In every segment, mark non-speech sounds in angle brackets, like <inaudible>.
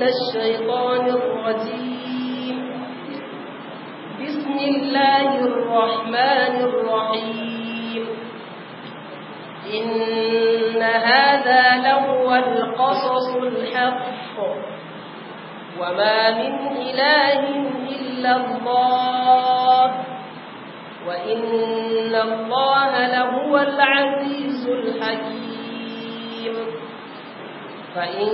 من الشيطان الرجيم بسم الله الرحمن الرحيم إن هذا لهو القصص الحق وما من إله إلا الله وإن الله لهو العزيز الحكيم فإن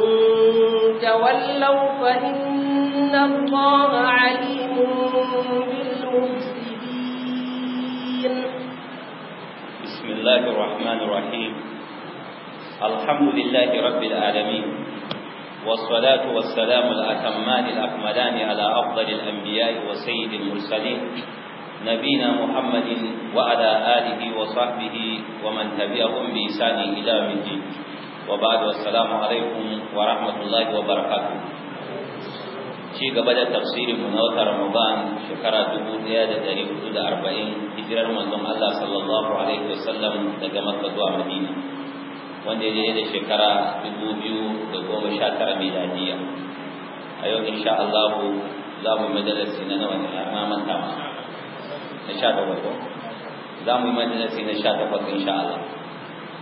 تولوا فإن الله عليم بالمفسدين بسم الله الرحمن الرحيم الحمد لله رب العالمين والصلاة والسلام الأتمان الأكملان على أفضل الأنبياء وسيد المرسلين نبينا محمد وعلى آله وصحبه ومن تبعهم بإحسان إلى يوم الدين وبعد والسلام عليكم ورحمة الله وبركاته ci gaba da tafsirin mu na wata Ramadan shekara 1440 hijirar manzon Allah sallallahu alaihi wasallam daga Makka zuwa Madina wanda ya da shekara 2019 miladiya a yau insha Allah za mu majalisi na nawa na manta na 18 na 18 insha Allah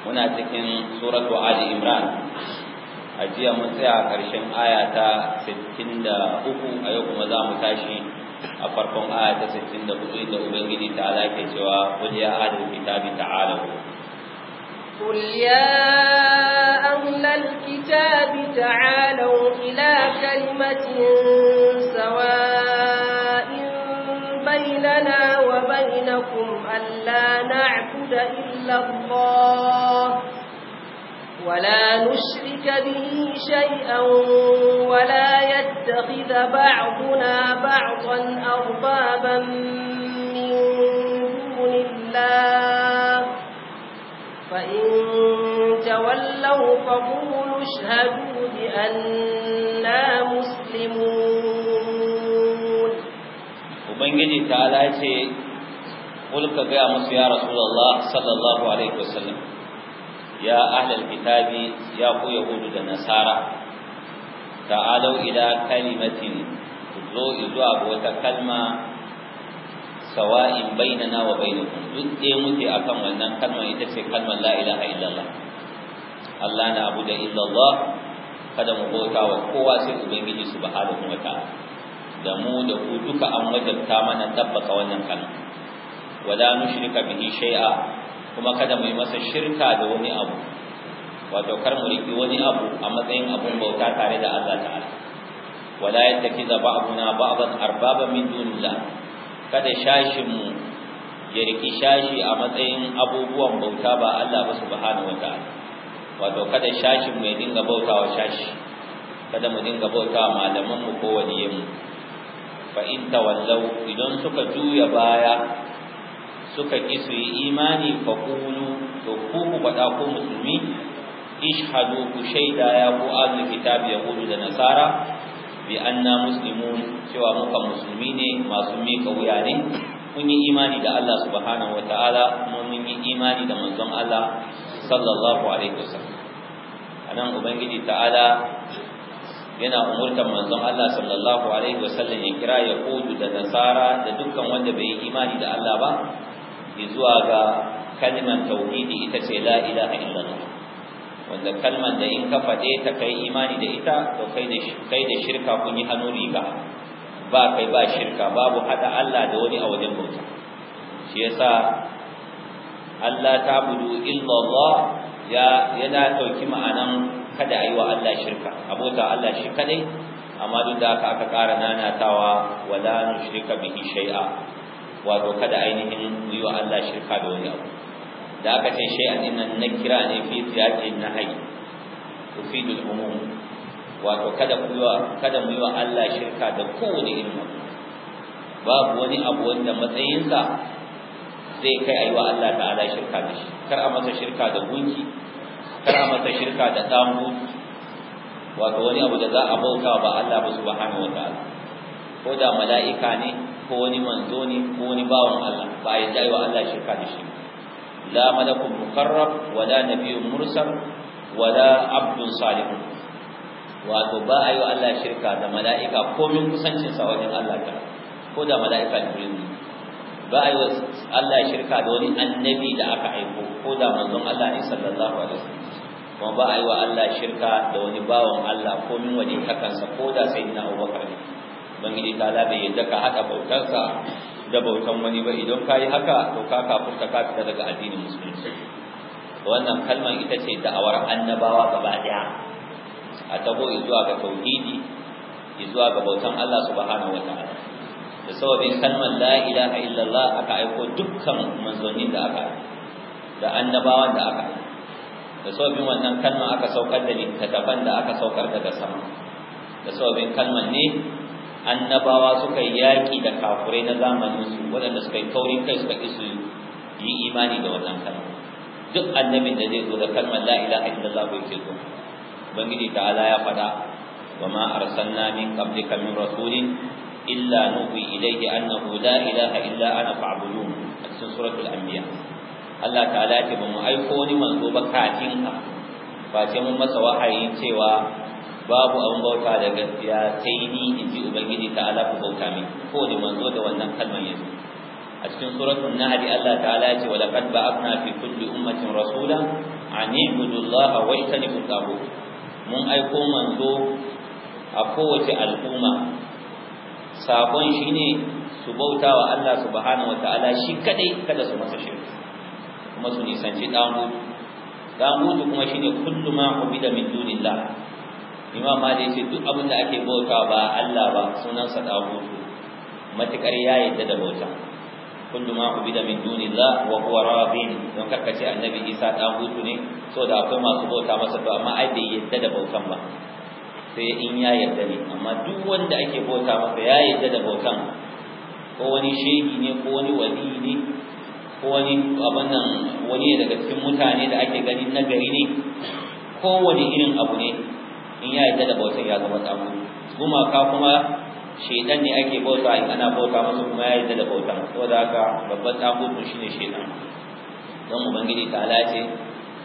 muna cikin suratu ali imran a jiya mun tsaya a ƙarshen aya ta 63 a yau kuma za mu tashi a farkon aya ta 64 inda ubangiji ta ala ke cewa wani ya ahlul kitabi ta'alu قل يا أهل الكتاب تعالوا إلى كلمة سواء لكم ألا نعبد إلا الله ولا نشرك به شيئا ولا يتخذ بعضنا بعضا أربابا من دون الله فإن تولوا فقولوا اشهدوا بأننا مسلمون Ubangiji ta ce قل كبيا مس يا رسول الله صلى الله عليه وسلم يا أهل الكتاب يا قو يهود النصارى تعالوا إلى كلمة zo zuwa ga wata kalma sawa'in bainana wa bainakum duk dai muke akan wannan kalmar ita ce kalmar la ilaha illallah Allah na abu da illallah kada mu bauta wa kowa sai ubangiji subhanahu wa ta'ala da mu da ku duka an wajabta mana tabbaka wannan kalma wala nushrika bihi shay'a kuma kada mu yi masa shirka da wani abu wato kar mu riki wani abu a matsayin abun bauta tare da Allah ta'ala wala yattakiza ba'duna ba'dan arbaba min dunillah kada shashin mu ya riki shashi a matsayin abubuwan bauta ba Allah ba subhanahu wataala wato kada shashin mu ya dinga bautawa shashi kada mu dinga bautawa malaman mu ko waliyan mu fa in tawallau idan suka juya baya suka ki su yi imani fa qulu to ku ku faɗa ku musulmi ishhadu ku shaida ya ku ahlul kitab yahudu da nasara bi anna muslimun cewa muka musulmi ne masu mika wuya ne Kun yi imani da Allah subhanahu ta'ala, kuma mun yi imani da manzon Allah sallallahu alaihi wasallam anan ubangiji ta'ala yana umurtar manzon Allah sallallahu alaihi wasallam ya kira yahudu da nasara da dukkan wanda bai yi imani da Allah ba zuwa ga kalmar tauhidi ita ce la ilaha illallah wanda kalmar da in ka faɗe ta kai imani da ita to kai da kai da shirka kun yi hannu riga ba kai ba shirka babu hada Allah da wani a wajen bauta shi yasa Allah ta'budu illallah ya yana dauki ma'anan kada ayi wa Allah shirka abota Allah shi kadai amma duk da haka aka ƙara nanatawa wala nushrika bihi shay'a wato kada ainihin yi wa Allah shirka da wani abu da aka ce shay'an innan nakira ne fi siyaqi nahyi tufidu al-umum wato kada ku kada mu yi wa Allah shirka da kowane irin abu babu wani abu wanda matsayinsa zai kai ayi wa Allah ta'ala shirka da shi kar a masa shirka da gunki kar a masa shirka da tsamu wato wani abu da za a bauta ba Allah ba subhanahu wa ta'ala ko da mala'ika ne ko wani manzo ne ko wani bawan Allah ba ya dai wa Allah shirka da shi la malakun mukarrab wala nabiyyun mursal wala abdun salihun wato ba a yi wa Allah shirka da mala'ika komin kusancin sa wajen Allah ta ko da mala'ika jibril ne ba a yi Allah shirka da wani annabi da aka aiko ko da manzon Allah ne sallallahu alaihi wasallam kuma ba a Allah shirka da wani bawan Allah ko min wani kakansa ko da sayyidina Abubakar ne ubangiji ta bai yadda ka hada bautarsa da bautan wani ba idan ka yi haka to ka kafurta ka fita daga addinin musulunci wannan kalmar ita ce da'awar annabawa gaba daya a tabo zuwa ga tauhidi zuwa ga bautan Allah subhanahu wataala da sababin kalmar la ilaha illallah aka aiko dukkan manzonin da aka da annabawan da aka da sababin wannan kalma aka saukar da littattafan da aka saukar daga sama da sababin kalmar ne annabawa suka yi yaƙi da kafurai na zamanin su waɗanda suka yi taurin kai suka isu yi imani da wannan kalma duk annabin da zai zo da kalmar la ilaha illallah bai ke zo ubangiji ta'ala ya faɗa wa ma arsalna min qablika min rasulin illa nuhi ilayhi annahu la ilaha illa ana fa'budun a cikin suratul anbiya Allah ta'ala ya ce ba mu aiko wani manzo ba kafin ka sai mun masa wahayi cewa babu abin bauta da gaskiya sai ni in ji ubangiji ta ala ku bauta min kowane manzo da wannan kalmar yanzu a cikin suratul nahl Allah ta'ala ya ce wa laqad ba'athna fi kulli ummatin rasula an ibudu Allah wa yatanibu tabu mun aiko manzo a kowace al'umma sabon shine su bauta wa Allah subhanahu wa ta'ala shi kadai kada su masa shirka kuma su nisanci damu damu kuma shine kullu ma ubida min dunillah imam mali ce duk abin da ake bauta ba Allah ba sunan sa dagutu matakar ya yadda da bauta kullu ma ubida min dunillah wa huwa rabbin don karkace annabi isa dagutu ne da akwai masu bauta masa to amma ai bai yadda da bautan ba sai in ya yarda ne amma duk wanda ake bauta masa ya yadda da bautan ko wani shehi ne ko wani wali ne ko wani abin nan wani daga cikin mutane da ake ganin nagari ne kowane irin abu ne in ya yarda da bautar ya zama tsamu gumaka kuma shaidan ne ake bauta in ana bauta masa kuma ya yarda da bautar saboda haka babban tsamu ne shaidan don ubangiji ta halace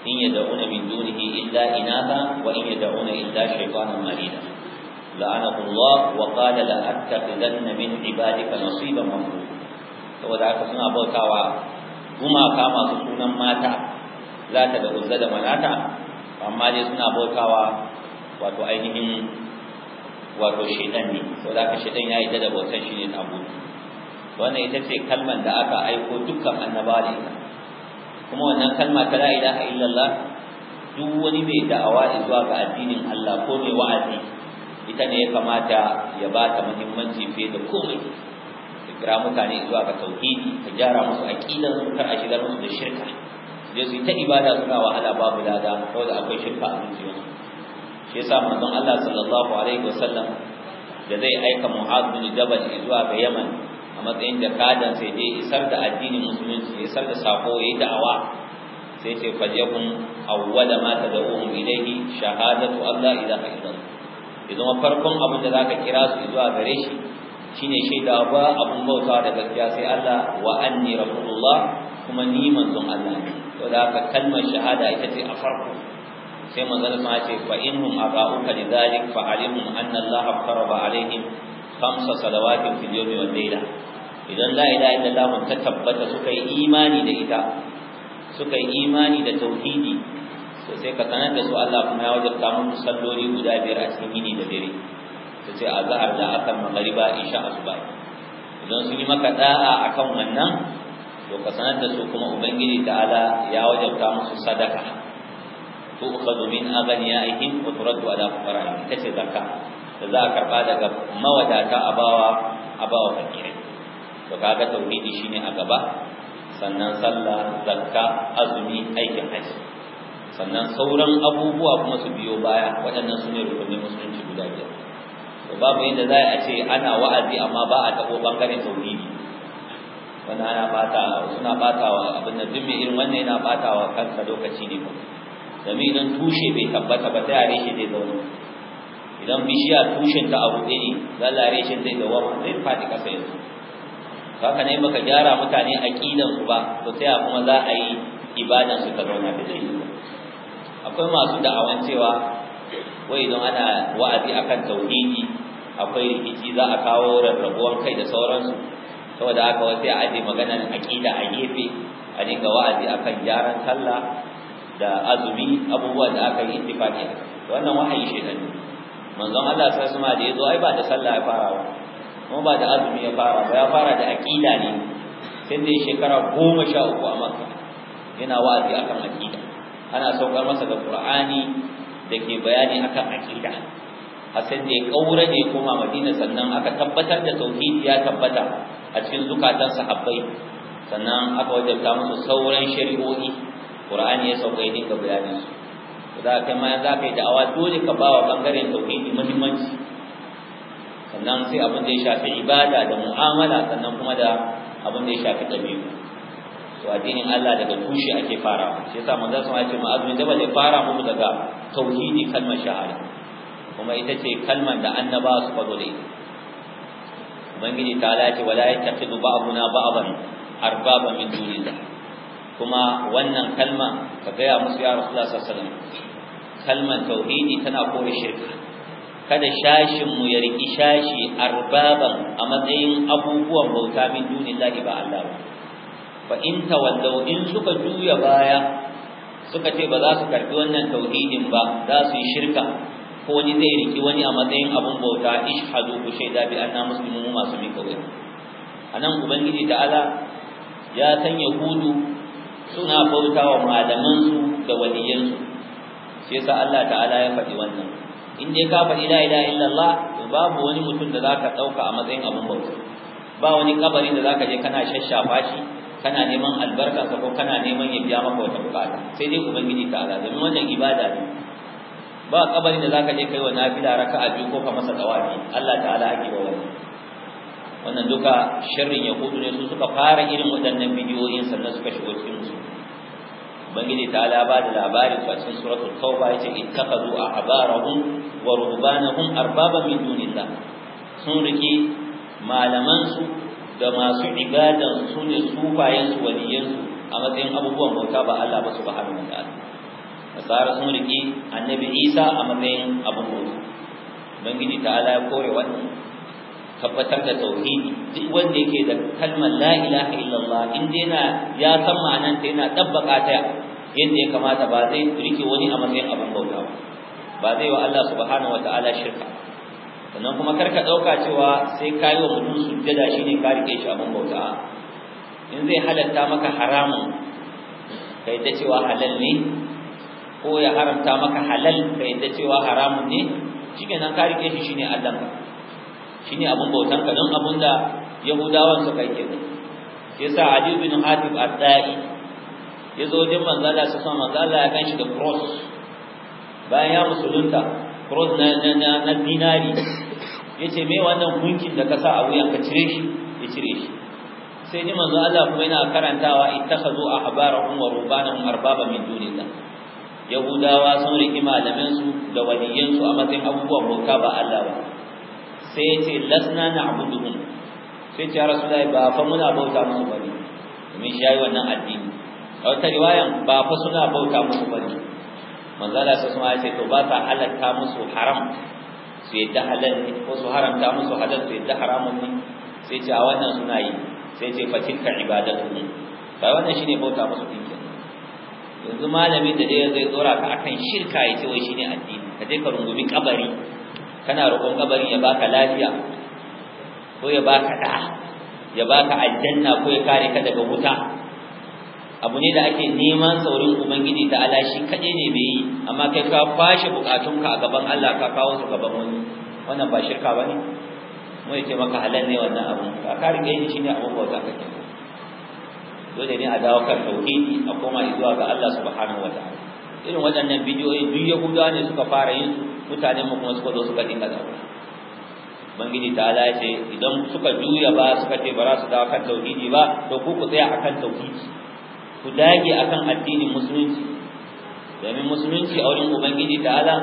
in dauna min dunihi illa inatha wa in ya yad'una illa shaytanan marida la'anahu Allah wa qala la attaqidanna min ibadika nasiban mamnun saboda haka suna bautawa gumaka masu sunan mata lata da uzza da manata amma dai suna bautawa wato ainihin wato shaitan ne sau da aka shaitan ya yi da bautan shi ne na abudu wannan ita ce kalmar da aka aiko dukkan annaba da ita kuma wannan kalma ta la ilaha illallah duk wani mai da'awa zuwa ga addinin Allah ko mai wa'azi ita ne ya kamata ya ba ta muhimmanci fiye da komai ka kira mutane zuwa ga tauhidi ka gyara musu aqidan su kar a shigar musu da shirka sai su yi ta ibada suna wahala babu lada da akwai shirka a zuciyarsu shi yasa manzon Allah sallallahu alaihi wasallam da zai aika Mu'adh bin Jabal zuwa ga Yaman a matsayin da kadan sai je isar da addinin musulunci isar da sako yayi da'awa sai ce fajahum awwala ma tad'uhum ilayhi shahadatu Allah ilaha illallah idan farkon abin da zaka kira su zuwa gare shi shine shaida ba abun bauta da gaskiya sai Allah wa anni rasulullah kuma ni manzon Allah to da kalmar shahada ita ce a farko sai manzon sa ce fa innahum aba'uka lidhalik fa alimhum anna Allah faraba alaihim khamsa salawatin fil yawmi wal layla idan la ilaha illallah mun ta tabbata suka yi imani da ita suka yi imani da tauhidi to sai ka sanar da su Allah kuma ya wajabta musu salloli guda biyar a cikin yini da dare to sai a zahar da akan magriba isha asuba idan sun yi maka da'a akan wannan to ka sanar da su kuma ubangiji ta'ala ya wajabta musu sadaka تؤخذ من أغنيائهم وترد على فقرائهم تشي ita ce بعد da za أباوا أباوا daga mawadata a bawa أقبا سنن صلى to أزمي أي a gaba sannan sallah azumi aikin haji sannan sauran abubuwa kuma su biyo baya waɗannan su ne rukunin musulunci guda biyar to babu yadda za a ce ana wa'azi amma ba a taɓo ɓangaren tauhidi ana bata suna bata wa abin da duk irin wannan yana bata wa kansa lokaci ne ba Daminan tushe bai tabbata ba sai shi zai zaune idan bishiya tushen ta abu ne lalla shi zai dawama zai faɗi ƙasa yanzu haka ne baka gyara mutane aqidan su ba to sai kuma za a yi ibadan su ta zauna da zai akwai masu da'awan cewa wai idan ana wa'azi akan tauhidi akwai rikici za a kawo rabuwar kai da sauransu saboda haka wasu a aje maganar aƙida a gefe a dinga wa'azi akan gyaran sallah da azumi abubuwa da aka yi ittifaqi wannan wahayi shedan manzon Allah sai kuma da yazo ai ba da sallah ya fara ba kuma ba da azumi ya fara ba ya fara da aqida ne sai da shekara 13 a Makka yana wa'azi akan aqida ana saukar masa da Qur'ani dake bayani akan aqida a ne da ya ne koma Madina sannan aka tabbatar da tauhidi ya tabbata a cikin zukatan sahabbai sannan aka wajabta musu sauran shari'o'i qur'ani ya sauka ya dinga bayanin su za ka ma za ka yi da'awa dole ka bawa bangaren tauhidi muhimmanci sannan sai abin da ya shafi ibada da mu'amala sannan kuma da abin da ya shafi dabi'u to addinin Allah daga tushe ake fara shi yasa manzon sa ya ce ma'azmin jabal fara mu daga tauhidi kalmar shahada kuma ita ce kalmar da annaba su fado da ita ubangiji ta ce wala yattakhidhu ba'duna ba'dan arbaba min dunillah kuma wannan kalma ka gaya musu ya rasulullah sallallahu alaihi wasallam kalman tauhidi tana kore shirka kada shashin mu ya riki shashi arbaban a matsayin abubuwan bauta min dunillahi ba Allah ba fa in tawallaw in suka juya baya suka ce ba za su karbi wannan tauhidin ba za su yi shirka ko wani zai riki wani a matsayin abun bauta ishhadu ku shaida bi anna muslimu masu mika wuya anan ubangiji ta'ala ya san yahudu suna bautawa su da su shi yasa Allah ta'ala ya faɗi wannan in dai ka faɗi la ilaha illallah to babu wani mutum da zaka dauka a matsayin abun bauta ba wani kabari da zaka je kana shashafa shi kana neman albarka ko kana neman ya biya maka wata bukata sai dai ubangiji ta'ala domin wannan ibada ne ba kabari da zaka je kai wa nafila raka'a biyu ko ka masa dawafi Allah ta'ala ake wa wannan wannan duka sharrin yahudu ne su suka fara irin waɗannan bidiyoyin sannan suka shigo cikin su bangide ta ala ba da labari a cikin suratul tauba yace ittakadu a'barahum wa rubbanahum arbaba min dunillah sun riki malaman su da masu ibadan su ne sufayen su waliyan su a matsayin abubuwan bauta ba Allah ba subhanahu wa ta'ala nasara sun riki annabi Isa a matsayin abun bauta ubangiji ta ala ya kore wannan tabbatar da tauhidi duk wanda yake da kalmar la ilaha illallah in dai na ya san ma'anar ta yana tabbaka ta yadda ya kamata ba zai rike wani a matsayin abin bauta ba ba zai wa Allah subhanahu wataala shirka sannan kuma kar ka dauka cewa sai kayi wa mutum sujjada shine ka rike shi abin bauta in zai halatta maka haramun kai ta cewa halal ne ko ya haramta maka halal kai ta cewa haramun ne shikenan ka rike shi shine Allah shi ne abin ka don abin da yahudawan suka yi shi yasa ali bin hatib at ya zo wajen manzala sa sama manzala ya ganshi da cross bayan ya musulunta cross na na na dinari yace me wannan gunkin da ka sa a wuyan ka cire shi ya cire shi sai ni manzo Allah kuma yana karantawa ittakhadhu ahbarahum wa rubanahum arbaba min dunillah yahudawa sun riki malamin su da waliyan su a matsayin abubuwan bauta ba Allah ba sai ya ce lasna na abuduhum sai ce rasulullahi ba fa muna bauta musu bane domin shi ya yi wannan addini a wata riwayan ba fa suna bauta musu bane manzala sai kuma ya ce to ba ta halatta musu haram su yadda halal ne ko su haramta musu halal su yadda haramun ne sai ce a wannan suna yi sai ce fatilka ibadatuhum ba wannan shine bauta musu dinki yanzu malamin da dai zai tsora ka akan shirka ya yace wai shine addini ka je ka rungumi kabari kana roƙon kabari ya baka lafiya ko ya baka da ya baka aljanna ko ya kare ka daga wuta abu ne da ake neman saurin ubangiji ta ala shi kaɗai ne bai yi amma kai ka kwashe bukatunka a gaban Allah ka kawo su gaban wani wannan ba shirka ba ne mu yake maka halal ne wannan abu ka kare kai shi ne abin bauta kake dole ne a dawo kan tauhidi a koma zuwa ga Allah subhanahu wataala irin waɗannan bidiyoyi duk guda ne suka fara yin mutane mu kuma suka zo suka dinga zaɓa bangiji ta ala ce idan suka juya ba suka ce ba za su dawo kan tauhidi ba to ku ku tsaya akan tauhidi ku dage akan addinin musulunci domin musulunci a wurin ubangiji ta ala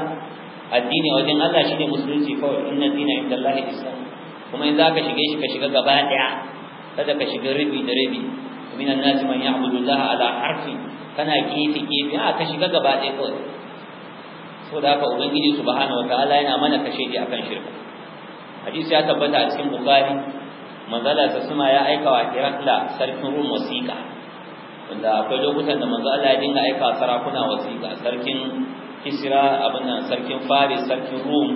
addini a wajen Allah shine musulunci kawai inna dina Allah islam kuma in za ka shige shi ka shiga gaba daya kada ka shiga rabi da rabi min an-nas man ya'budu Allah ala harfi kana kefe kefe a ka shiga gaba ɗaya kawai da haka ubangiji subhanahu wataala yana mana kashe ji akan shirka hadisi ya tabbata a cikin bukhari manzala ta suma ya aika wa Herakla sarkin Rum wasiƙa wanda akwai lokutan da manzo Allah ya dinga aika sarakuna wasiƙa sarkin Kisra abin sarkin Faris sarkin Rum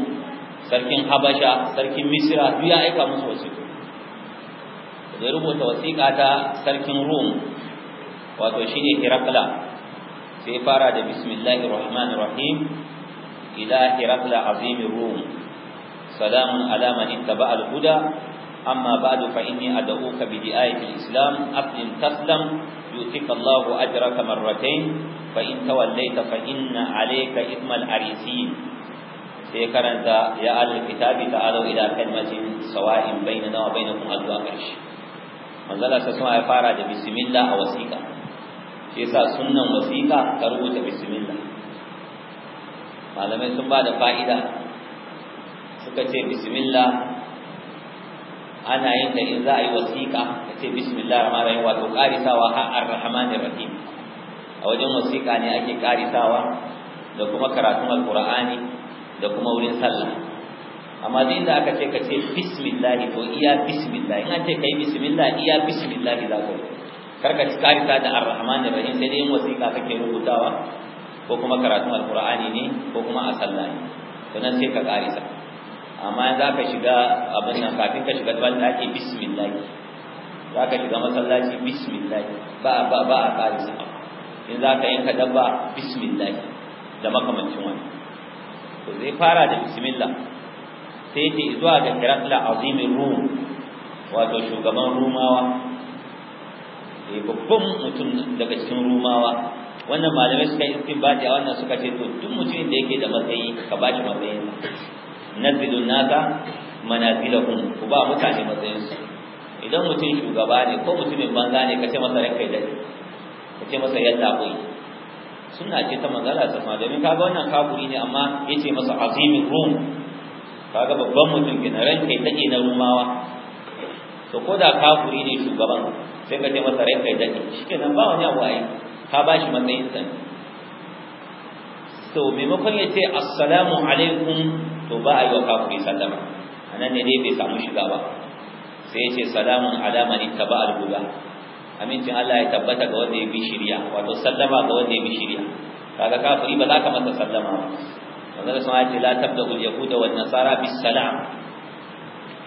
sarkin Habasha sarkin Misra duk ya aika musu wasiƙa ya rubuta wasiƙa ta sarkin rum wato shine hirakla sai fara da bismillahir rahman rahim ila hirakla azimir rum salamun ala man al huda amma ba'du fa inni ad'uka bi di'ayati al-islam afdin taslam yutika Allahu ajraka marratayn fa in ta fa inna alayka ithmal sai karanta ya alkitabi ta'alu ila kalmatin sawa'in bainana wa bainakum al-waqi' manzala ta sama ya fara da bismillah a wasiƙa shi yasa sunnan wasiƙa ka rubuta bismillah malamai sun ba da fa'ida suka ce bismillah ana yin da in za a yi wasiƙa ka ce bismillah rahman rahim wato ƙarisawa har ar-rahmanir rahim a wajen wasiƙa ne ake ƙarisawa da kuma karatun Alƙur'ani da kuma wurin sallah amma din da aka ce ka ce bismillah to iya bismillah in ce kai bismillah iya bismillah da ka yi karka ci karita da arrahman rahim sai dai wasiqa kake rubutawa ko kuma karatun alqur'ani ne ko kuma a sallah ne to nan sai ka karisa amma za ka shiga abin nan kafin ka shiga ban daki bismillah za ka shiga masallaci bismillah ba ba ba a karisa in za ka yanka dabba bismillah da makamancin wani to zai fara da bismillah sai yace zuwa ga Herakla azimin Rum wato shugaban Rumawa eh babban mutum daga cikin Rumawa wannan malamai suka yi istinbati a wannan suka ce to duk mutumin da yake da matsayi ka ba shi matsayin nazilu naka manazilahum ku ba mutane matsayin su idan mutum shugaba ne ko mutumin banza ne kace masa ranka da kace masa yadda akwai suna ce ta manzala sa ma domin kaga wannan kafuri ne amma yace masa azimin rum kaga babban mutum kenan ranka ta ke na rumawa to ko da kafuri ne shugaban sai ka ce masa ranka ya ke, shikenan ba wani abu yi ka bashi matsayin sa to maimakon ya ce assalamu alaikum to ba a yi wa kafuri sallama anan ne dai bai samu shiga ba sai ya ce salamun ni man ittaba al-huda amincin Allah ya tabbata ga wanda ya bi shirya, wato sallama ga wanda ya bi shirya, kaga kafiri ba za ka masa sallama ba Wannan sama ya ce la tabda'u al-yahuda wan nasara bis salam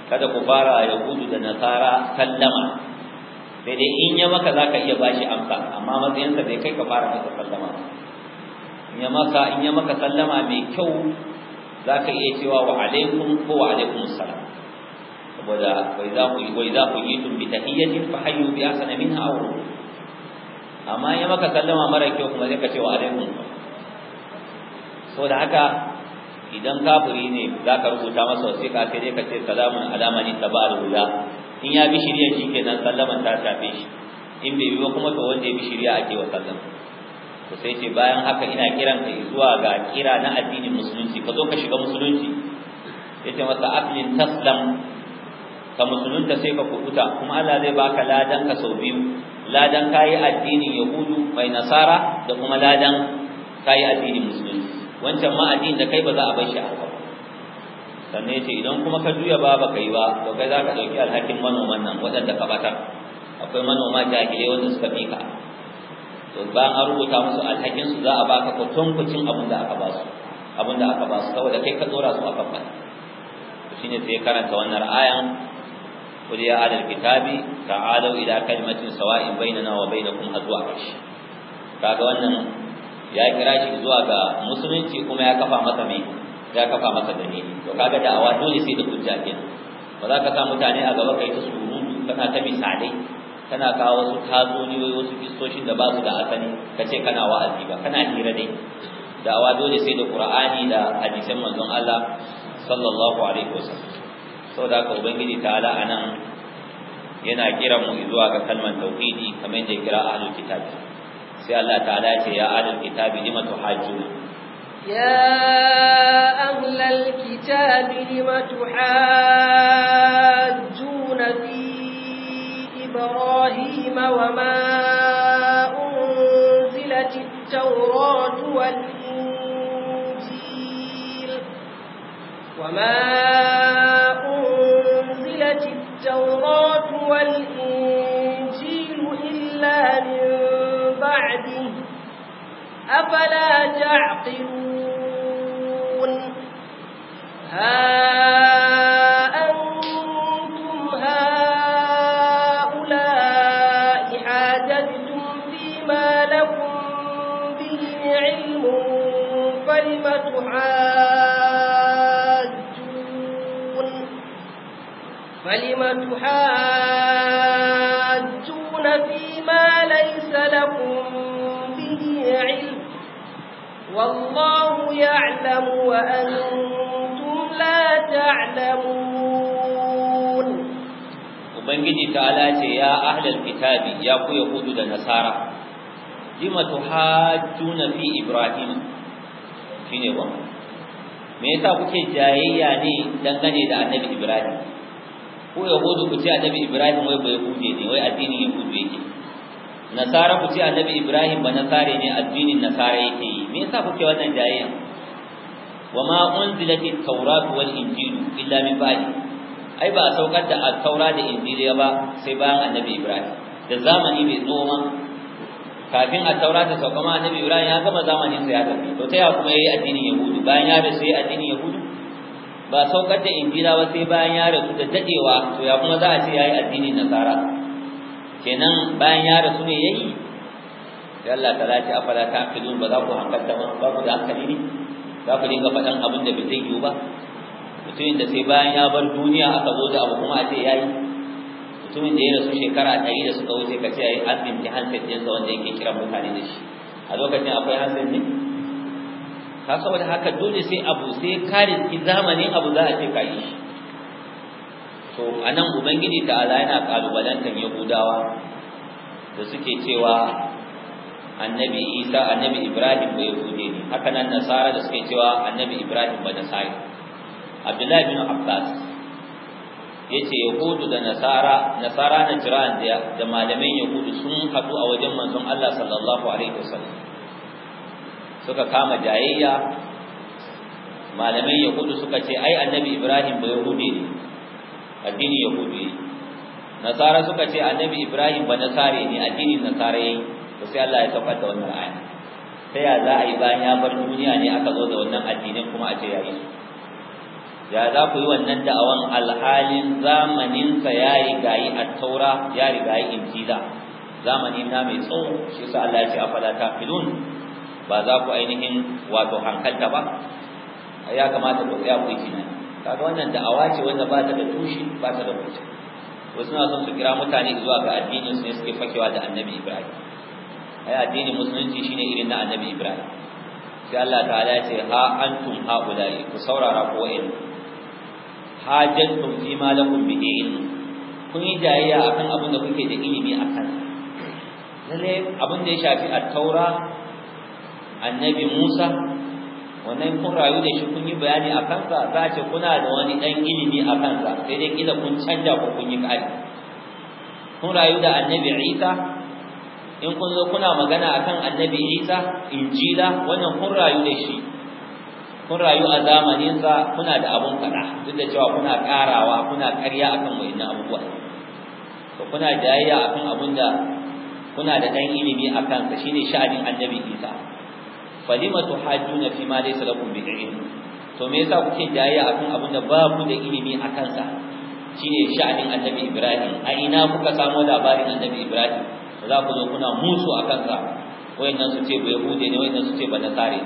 kada ku fara yahudu da nasara sallama sai dai in ya maka zaka iya bashi amsa amma matsayinsa bai kai ka fara masa sallama in ya maka in ya maka sallama mai kyau zaka iya cewa wa alaikum ko wa alaikum salam saboda wai za ku wa idza ku yi bi tahiyyatin fa hayyu bi ahsana minha aw amma ya maka sallama mara kyau kuma zai ka ce wa alaikum So da haka idan kafiri ne za ka rubuta masa wasiƙa sai dai ka ce salamun alamani taba al in ya bi shirya shi kenan sallaman ta shafe shi in bai bi ba kuma to wanda ya bi shirya ake wa sallam to sai ce bayan haka ina kiran ka zuwa ga kira na addinin musulunci ka zo ka shiga musulunci yace masa aflin taslam ka musulunta sai ka kubuta kuma Allah zai baka ladan ka sau biyu ladan kayi addinin yahudu mai nasara da kuma ladan kayi addinin musulunci wancan ma addini da kai ba za a bar shi a haka sannan ce idan kuma ka juya ba baka yi ba to kai za ka dauki alhakin manoman nan wadanda ka batar akwai manoma jahilai wanda suka ka. to bayan an rubuta musu alhakin su za a baka kwatankwacin abin da aka ba su abin da aka ba su saboda kai ka tsora su akan bane shine sai karanta wannan ayan قل يا أهل الكتاب تعالوا إلى كلمة سواء بيننا وبينكم أزواج كاغا wannan ya kira shi zuwa ga musulunci kuma ya kafa masa mai ya kafa masa to kaga da'awa dole sai da hujja ke ba za ka sa mutane a gaba kai ta suru kana ta misalai kana kawo wasu tatsuniyoyi wasu kistoshin da ba su da asali ka ce kana wa'azi ba kana hira dai da'awa dole sai da qur'ani da hadisan manzon Allah sallallahu alaihi wasallam saboda ka ubangiji ta'ala anan yana kira mu zuwa ga kalmar tauhidi kamar yadda ya kira ahlul kitabi سي الله تعالى يا اهل الكتاب لما تحاجون يا اهل الكتاب لما تحاجون في ابراهيم وما انزلت التوراه والانجيل وما انزلت التوراه والانجيل الا من بعده أفلا تعقلون ها أنتم هؤلاء حاجدتم فيما لكم به علم فلم تحاجون فلم تحاجون تسارعون فيما ليس لكم به علم والله يعلم وأنتم لا تعلمون وبنجي تعالى يا أهل الكتاب يا قوي يهود النصارى لِمَ تُحَاجُّونَ فِي إِبْرَاهِيمَ شنو يقول me yasa kuke jayayya ne dangane da annabi ibrahim ko yahudu ku ce annabi ibrahim wai bai hude ne wai addini ne yahudu nasara ku ce annabi ibrahim ba nasare ne addinin nasara yake yi me yasa kuke wannan jayayya ma unzilat at-taurat wal injil illa min ba'di ai ba a saukar da at-taura da injil ba sai bayan annabi ibrahim da zamani mai ma. kafin at-taura ta sauka ma annabi ibrahim ya gama zamanin sa ya tafi to ta ya kuma yayi addinin yahudu bayan ya rasu addinin yahudu ba saukar da injila ba sai bayan ya rasu da dadewa to ya kuma za a ce yayi addinin nasara kenan bayan ya rasu ne yayi sai Allah ta lati afala ta aqilun ba za ku hankalta ba ba ku da hankali ne za ku dinga faɗan abin da bai zai yiwu ba mutumin da sai bayan ya bar duniya aka zo da abu kuma a ce yayi mutumin da ya rasu shekara ɗari da suka wuce ka ce yi azmin ta hanset jinsa wanda yake kiran mutane da shi a lokacin akwai hankali ne ka saboda haka dole sai abu sai karin ki zamanin abu za a ce ka yi shi to anan ubangiji ta'ala yana kalubalantar yahudawa da suke cewa annabi isa annabi ibrahim ba yahude ne haka nan nasara da suke cewa annabi ibrahim ba nasari abdullahi bin abbas yace yahudu da nasara nasara na jiran da malamin yahudu sun haɗu a wajen manzon Allah sallallahu alaihi wasallam suka kama jayayya malamin yahudu suka ce ai annabi ibrahim ba yahude ne addinin yahudi nasara suka ce annabi ibrahim ba nasare ne addinin nasara yayi to sai Allah ya tabbata da wannan aya ta ya za a yi bayan ya bar duniya ne aka zo da wannan addinin kuma a ce yayi ya za ku yi wannan da'awan alhalin sa ya riga yi taura ya riga yi injila zamani na mai tsawo shi sa Allah ya ce afala tafilun ba za ku ainihin wato hankalta ba ya kamata ku tsaya ku yi tunani kaga wannan da'awa ce wanda ba ta da tushe ba ta da mutum wasu na son su kira mutane zuwa ga addinin su ne suke fakewa da annabi ibrahim ai addinin musulunci shine irin na annabi ibrahim sai Allah ta'ala ya ce ha antum ulai ku saurara ko in hajjatum fi ma lakum bihi kun yi jayayya akan abin da kuke da ilimi akan lalle abin da ya shafi at-taura annabi Musa wannan kun rayu da shi kun yi bayani a kansa za a ce kuna da wani ɗan ilimi a kansa sai dai kila kun canja ko kun yi ƙari kun rayu da annabi isa in kun zo kuna magana akan annabi isa injila wannan kun rayu da shi kun rayu a zamaninsa kuna da abun faɗa duk da cewa kuna ƙarawa kuna ƙarya akan wa'innan abubuwa to kuna jayayya kan abun da kuna da ɗan ilimi a kansa shine sha'anin annabi isa falima tuhajjuna fi ma laysa lakum bi ilm to me yasa kuke jayayya akan abin da ba ku da ilimi a kansa shine sha'anin annabi Ibrahim a ina kuka samu labarin annabi Ibrahim za ku zo kuna musu a kansa wayannan su ce bai hude ne wayannan su ce ba nasare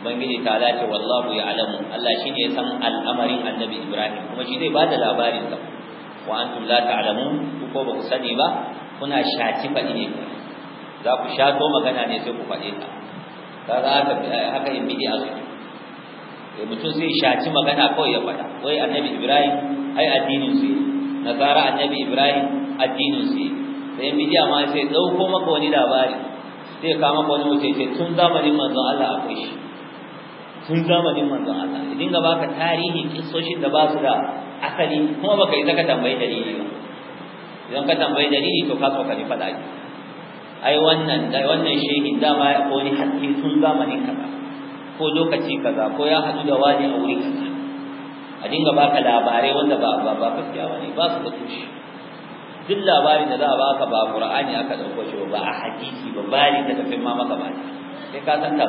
ubangiji ta lace wallahu ya'lamu Allah shine ya san al'amarin annabi Ibrahim kuma shi zai bada labarin sa wa antum la ta'lamun ko ba ku sani ba kuna shaki faɗi ne za ku sha to magana ne sai ku faɗe ta za haka haka in bidi a zuci eh mutum sai shaci magana kawai ya faɗa wai annabi ibrahim ai addinin su nasara annabi ibrahim addinin su sai bidi amma sai dauko maka wani labari sai ka maka wani mutum sai tun zamanin manzo Allah akwai shi tun zamanin manzo Allah idan ga baka tarihi kissoshin da ba su da asali kuma baka yi zaka tambayi dalili ba idan ka tambayi dalili to ka so ka ni faɗa ai wannan da wannan shehin dama ya ko ni hakkin tun zamanin kaza ko lokaci kaza ko ya hadu da wani a wurin kaza a dinga baka labarai wanda ba ba ba gaskiya bane ba su da tushe duk labarin da za a baka ba qur'ani aka dauko shi ba a hadisi ba bali da kafin ma maka ba sai ka san ta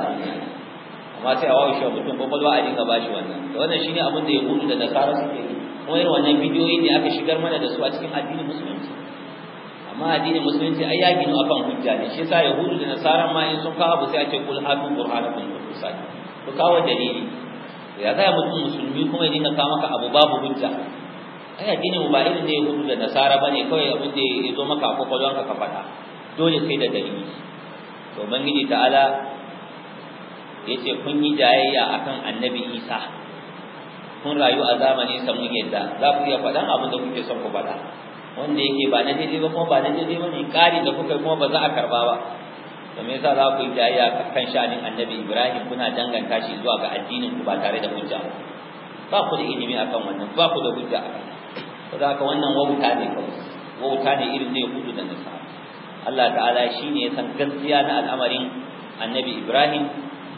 amma sai a wawo shi mutum kwakwalwa a dinga bashi wannan da wannan shine abin da ya gudu da nasara suke yi kuma irin wannan bidiyoyin ne aka shigar mana da su a cikin addinin musulunci amma addinin musulunci ai ya gina akan hujja ne shi yasa yahudu da nasara ma in sun kawo abu sai a ce kul hatu qur'anakum wa to kawo dalili ya zai mutum musulmi kuma ya dinga kawo maka abu babu hujja ai addinin mu ba irin da yahudu da nasara bane kawai abin da ya zo maka ko kwalwanka ka faɗa dole sai da dalili to ubangiji ta'ala yace kun yi jayayya akan annabi Isa kun rayu a zamanin sa mun yadda za ku iya faɗan abin da kuke son ku faɗa wanda yake ba na daidai ba kuma ba na daidai ba ne ƙari da kuka kuma ba za a karba ba to me yasa za ku yi jayayya kan shanin annabi ibrahim kuna danganta shi zuwa ga addinin ku ba tare da hujja ba ba ku da ilimi akan wannan ba ku da hujja akan za ka wannan wauta ne kawai wauta ne irin ne hudu da nasa Allah ta'ala shine ya san gaskiya na al'amarin annabi ibrahim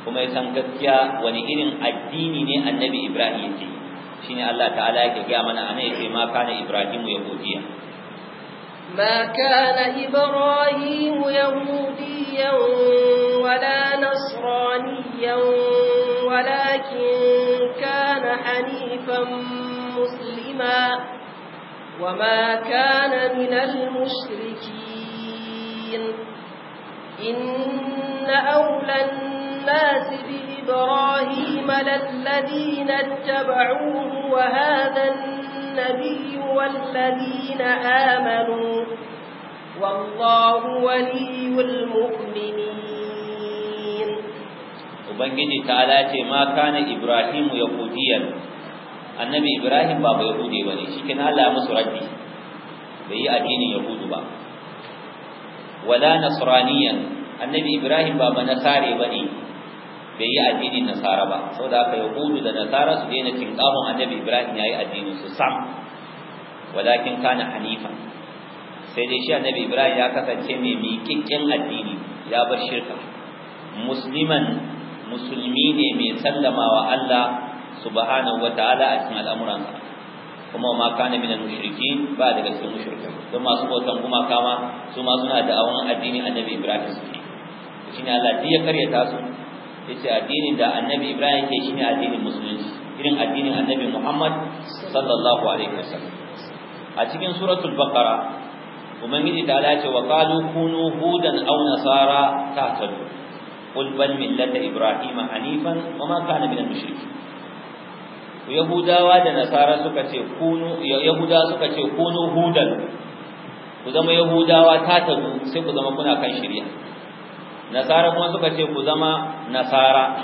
kuma ya san gaskiya wani irin addini ne annabi ibrahim yake shine Allah ta'ala yake ga mana ana yake ma kana Ibrahim yahudiya ma kana Ibrahim yahudiya wala nasraniya walakin kana hanifan muslima وما كان من المشركين إن أولى الناس بإبراهيم ليحمل الذين اتبعوه وهذا النبي والذين آمنوا والله ولي المؤمنين وبنجي تعالى ما كان إبراهيم يهوديا annabi ibrahim ba bai hude bane shikenan Allah ya musu raddi bai yi addinin yahudu ba wala nasraniyan annabi ibrahim ba ba nasare bai yi addinin nasara ba saboda haka yahudu da nasara su daina tinkamun annabi ibrahim yayi addinin su sam walakin kana hanifa sai dai shi annabi ibrahim ya kasance mai mikikin addini ya bar shirka musliman musulmi ne mai sallamawa Allah subhanahu wataala a cikin al'amuransa kuma ma kana minan mushrikin ba daga cikin mushrikai don masu bautan gumaka ma su ma suna da addinin addini annabi ibrahim su ne shine Allah ya karyata su yace addinin da annabi ibrahim ke shine addinin musulunci irin addinin annabi muhammad sallallahu alaihi wasallam a cikin suratul baqara ubangiji da ala ce wa qalu kunu hudan aw nasara tatadu qul bal millata ibrahima hanifan wa ma kana minal mushrikin yahudawa da nasara suka ce kunu yahudawa suka ce kunu hudan ku zama yahudawa tatadu sai ku zama kuna kan shari'a nasara kuma suka ce ku zama nasara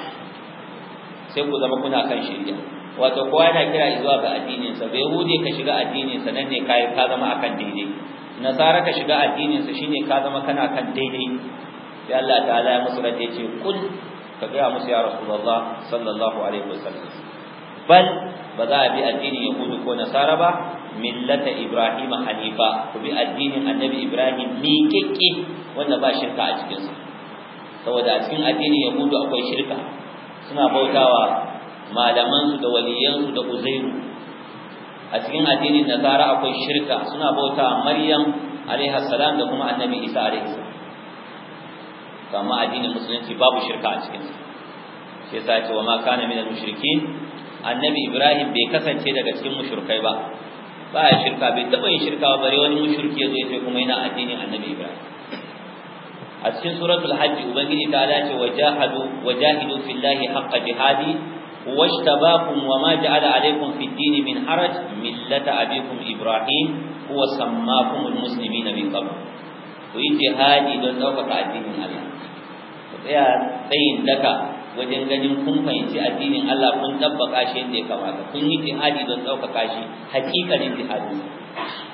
sai ku zama kuna kan shirya wato kowa yana kira zuwa ga addininsa bai hude ka shiga addininsa nan ne kai ka zama akan daidai nasara ka shiga addininsa shine ka zama kana kan daidai sai Allah ta'ala ya musu rade ce kul ka ga musu ya rasulullah sallallahu alaihi wasallam bal ba za a bi addinin yahudu ko nasara ba millata ibrahima hanifa ku bi addinin annabi ibrahim miƙiƙi wanda ba shirka a cikinsa saboda a cikin addinin yahudu akwai shirka suna bautawa malamansu da waliyansu da uzairu a cikin addinin nasara akwai shirka suna bautawa maryam alaiha salam da kuma annabi isa alaihi salam amma addinin musulunci babu shirka a cikin sai sa ce wa ma kana minal mushrikin annabi ibrahim bai kasance daga cikin mushrikai ba ba ya shirka bai taba yin shirka ba bare wani mushriki ya zo ya kuma yana addinin annabi ibrahim a cikin suratul hajj ubangiji ta ala ce wajahadu wajahidu fillahi haqqa jihadi washtabakum wama ja'ala alaykum fid din min haraj millata abikum ibrahim huwa sammakum almuslimina min qabl ku yi jihadi don daukaka addinin Allah ku tsaya tsayin daka wajen ganin kun fahimci addinin Allah kun tabbaka shi yadda ya kamata kun yi jihadi don ɗaukaka shi hakikalin jihadi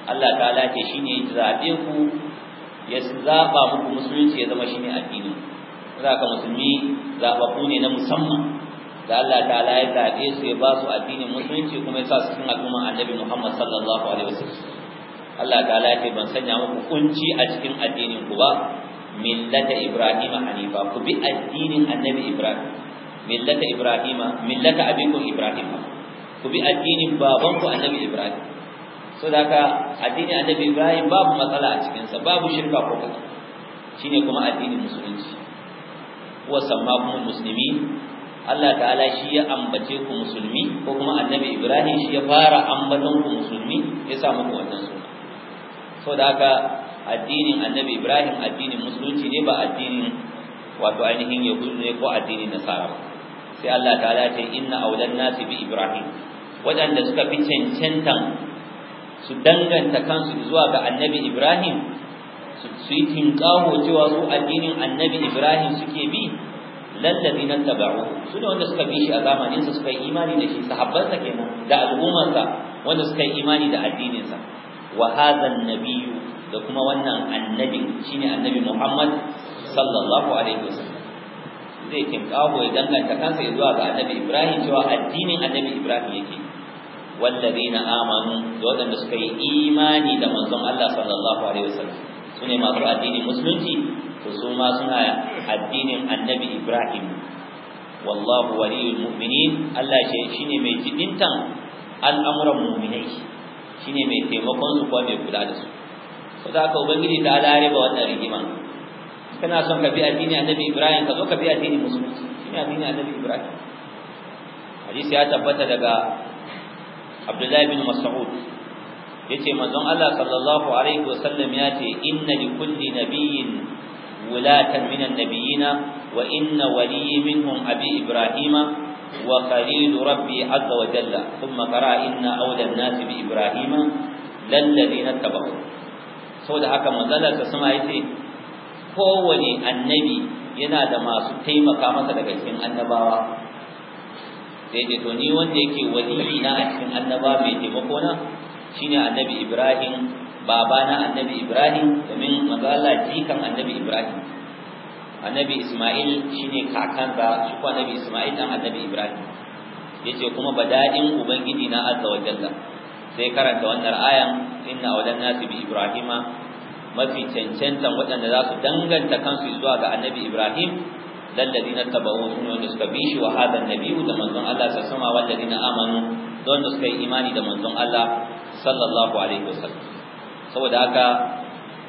Allah ta ta'ala ce shine zabe ku ya zaba muku musulunci ya zama shine addini za ka musulmi zababu ne na musamman da Allah ta'ala ya zabe su ya ba su addinin musulunci kuma ya sa su cikin al'umma annabi Muhammad sallallahu alaihi wasallam Allah ta'ala ya ce ban sanya muku kunci a cikin addinin ku ba millata Ibrahim hanifa ku bi addinin annabi Ibrahim millata Ibrahim millata abikum Ibrahim ku bi addinin babanku annabi Ibrahim da ka addini annabi Ibrahim babu matsala a cikin sa babu shirka ko kaza shine kuma addinin musulunci wa kuma muslimi Allah ta'ala shi ya ambace ku musulmi ko kuma annabi Ibrahim shi ya fara ambaton ku musulmi ya sa muku wannan suna da haka addinin annabi Ibrahim addinin musulunci ne ba addinin wato ainihin yahudu ne ko addinin nasara ba sai Allah ta'ala ce inna awlan nasi bi Ibrahim wadanda suka fi cancantan su danganta kansu zuwa ga annabi Ibrahim su yi tinkawo cewa su addinin annabi Ibrahim suke bi lallabi na taba'u su ne wanda suka bi shi a zamaninsa suka yi imani da shi sahabbansa kenan da al'ummarsa wanda suka yi imani da addininsa wa hadhan nabiyyu da kuma wannan annabin ne annabi Muhammad sallallahu alaihi wasallam zai tinkawo ya danganta kansa zuwa ga annabi Ibrahim cewa addinin annabi Ibrahim yake wallazina amanu da waɗanda suka yi imani da manzon Allah sallallahu alaihi wasallam addinin musulunci to su ma addinin annabi Ibrahim wallahu waliyul mu'minin Allah shi shine mai jibintan al'amuran mu'minai shine mai taimakon su kuma mai kula da su saboda haka ubangiji ta alare ba wannan rigima kana son ka bi addinin annabi Ibrahim ka zo ka bi addinin addinin annabi Ibrahim ya tabbata daga Abdullahi bin Mas'ud yace manzon Allah sallallahu alaihi wasallam yace inna li kulli nabiyyin wulatan minan nabiyina wa inna waliyyi minhum abi ibrahima wa khalil rabbi azza wa jalla thumma qara inna awla an-nasi bi ibrahima lalladhina tabahu saboda haka manzon Allah sama yace kowane annabi yana da masu taimaka masa daga cikin annabawa sai ce to ni wanda yake waliyi na a cikin annaba mai taimako na shine annabi Ibrahim babana annabi Ibrahim domin manzo Allah jikan annabi Ibrahim annabi Isma'il shine kakansa shi ko annabi Isma'il dan annabi Ibrahim yace kuma bada'in ubangiji na azza wa jalla sai karanta wannan ayan inna wadan nasi bi ibrahima mafi cancantan waɗanda za su danganta kansu zuwa ga annabi Ibrahim ladina tabau sun wanda suka bi shi wa hadan da manzon Allah sa sama walladina amanu don suka yi imani da manzon Allah sallallahu alaihi saboda haka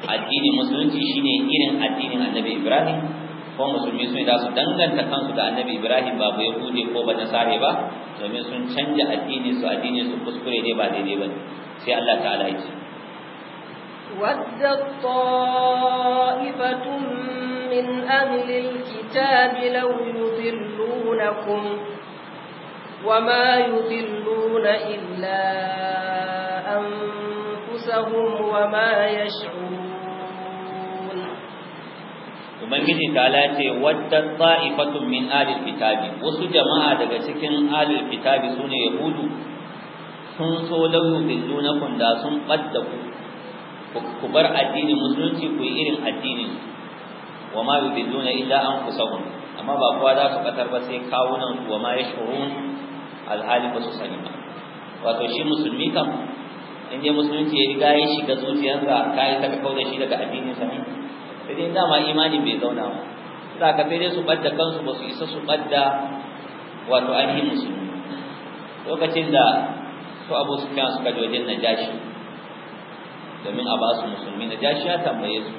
addinin musulunci shine irin addinin annabi Ibrahim ko musulmi sun da su danganta kansu da annabi Ibrahim ba bai hude ko ba na sare ba domin sun canja addinin su addinin su kuskure ne ba daidai ba sai Allah ta'ala ya ce wadda من أهل الكتاب لو يضلونكم وما يضلون إلا أنفسهم وما يشعرون Ubangiji Tala ce wadda ta'ifatun min alil fitabi. wasu jama'a daga cikin alil kitabi sune yahudu sun so lauru billunakum da sun ɓadda ku ku bar addinin musulunci ku yi irin addinin wa ma yudilluna illa anfusahum amma ba kowa za su katar ba sai kawunan su wa ma yashurun alhali ba su sani ba wato shi musulmi kam in dai musulunci ya riga shi ga zuciyarsa ka yi saka kauda shi daga addinin sa sai dai dama imani bai zauna ba za ka sai su badda kansu ba su isa su badda wato ainihin musulmi lokacin da su abu su suka je wajen najashi domin a ba su musulmi najashi ya tambaye su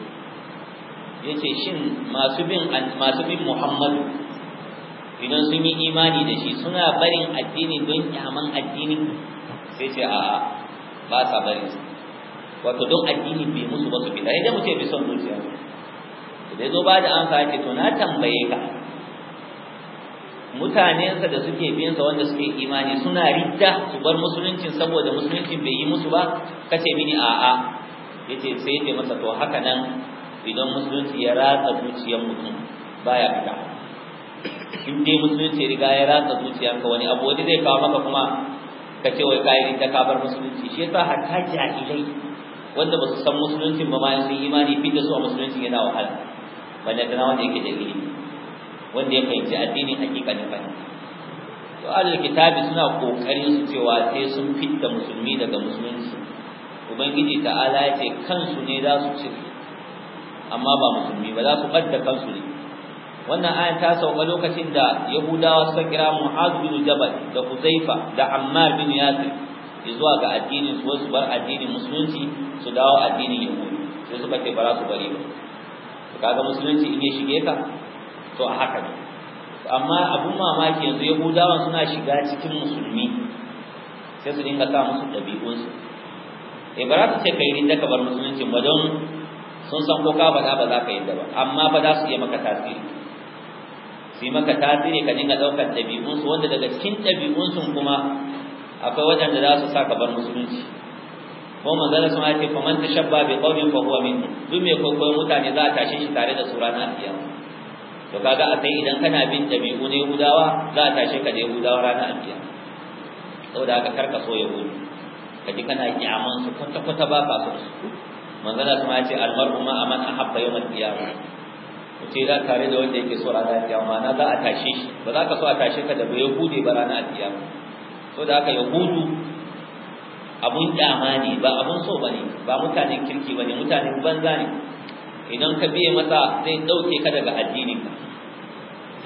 yace shin masu bin masu bin Muhammadu idan sun yi imani da shi suna barin addini don kyaman addini sai ce a ba sa barin wato don addini bai musu ba su bi dai mu ce bi son zuciya da zo ba da fa ce to na tambaye ka mutanensa da suke biyansa wanda suke imani suna ridda su bar musuluncin saboda musuluncin bai yi musu ba kace mini a'a yace sai ya masa to haka nan idan musulunci ya ratsa zuciyar mutum baya fita in dai musulunci riga ya ratsa zuciyarka wani abu wani zai kawo maka kuma ka ce wai kayi ta kabar musulunci shi yasa hatta jahilai wanda ba su san musulunci ba ma sun imani fi da su a musulunci yana wahala wanda kana wanda yake da ilimi wanda ya fahimci addinin ne fahimta to alal kitabi suna kokarin su cewa sai sun fitta musulmi daga musulunci ubangiji ta'ala ya ce kansu ne za su ci amma ba musulmi ba za su ɓadda kansu ne wannan ayan ta sauka lokacin da yahudawa suka kira mu'az bin jabal da huzaifa da ammar bin yasir zuwa ga addinin su wasu bar addinin musulunci su dawo addinin yahudi sai suka ce ba za su bari ba kaga musulunci in ya shige ka to a haka ne amma abun mamaki yanzu yahudawa suna shiga cikin musulmi sai su dinga sa musu ɗabi'unsu eh ba za su ce kai ni ka bar musuluncin ba don sun san ko ka faɗa ba za ka yadda ba amma ba za su yi maka tasiri su yi maka tasiri ka dinga ɗaukar ɗabi'unsu wanda daga cikin ɗabi'unsu kuma akwai wajen da za su sa ka bar musulunci ko manzala sun ake faman ta shabba bi qaumin fa huwa minhu duk mai kwaikwayon mutane za a tashe shi tare da sura na alkiyama to kaga a sai idan kana bin ɗabi'u na gudawa, za a tashe ka da yahudawa ranar alkiyama saboda haka karka so ka ji kana kyaman su kwata-kwata ba ka so su manzana kuma ya ce almar'u ma aman ahabba yawmal qiyamah ce za tare da wanda yake so ranar kiyama na za a tashe shi ba za ka so a tashe ka da bai hude ba ranar kiyama so da haka hudu abun kyama ne ba abun so bane ba mutanen kirki bane mutanen banza ne idan ka biye masa zai dauke ka daga ka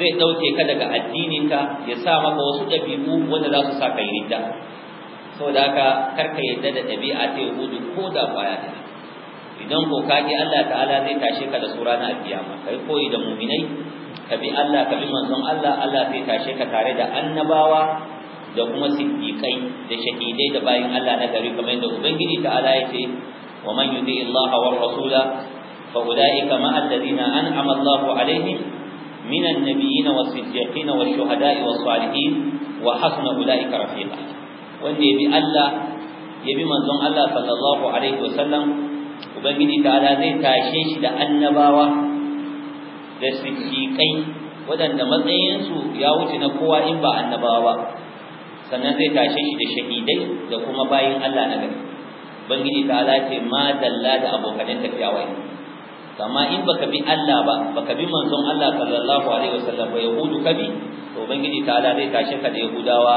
zai dauke ka daga ka ya sa maka wasu dabi'u wanda za su sa ka yi ridda saboda haka karka yadda da dabi'a ta hudu ko da baya ta idan ko ka ji Allah ta'ala zai tashe ka da sura na alkiyama kai koyi da mu'minai ka bi Allah ka bi manzon Allah Allah zai tashe ka tare da annabawa da kuma siddiqai da shahidai da bayin Allah na gari kamar yadda ubangiji ta'ala ya ce wa man yuti Allah wa rasula fa ulaika ma alladhina an'ama Allah alaihim من النبيين والصديقين والشهداء والصالحين وحسن أولئك رفيقا وأن يبي الله يبي منزون الله صلى الله عليه وسلم ubangiji ta'ala zai tashe shi da annabawa da siddiqai waɗanda matsayinsu ya wuce na kowa in ba annabawa ba sannan zai tashe shi da shahidai da kuma bayin Allah na gari ubangiji ta'ala ce ma dalla da abokanin tafiyawa amma in baka bi Allah ba baka bi manzon Allah sallallahu alaihi wasallam ba yahudu kabi to ubangiji ta'ala zai tashe ka da yahudawa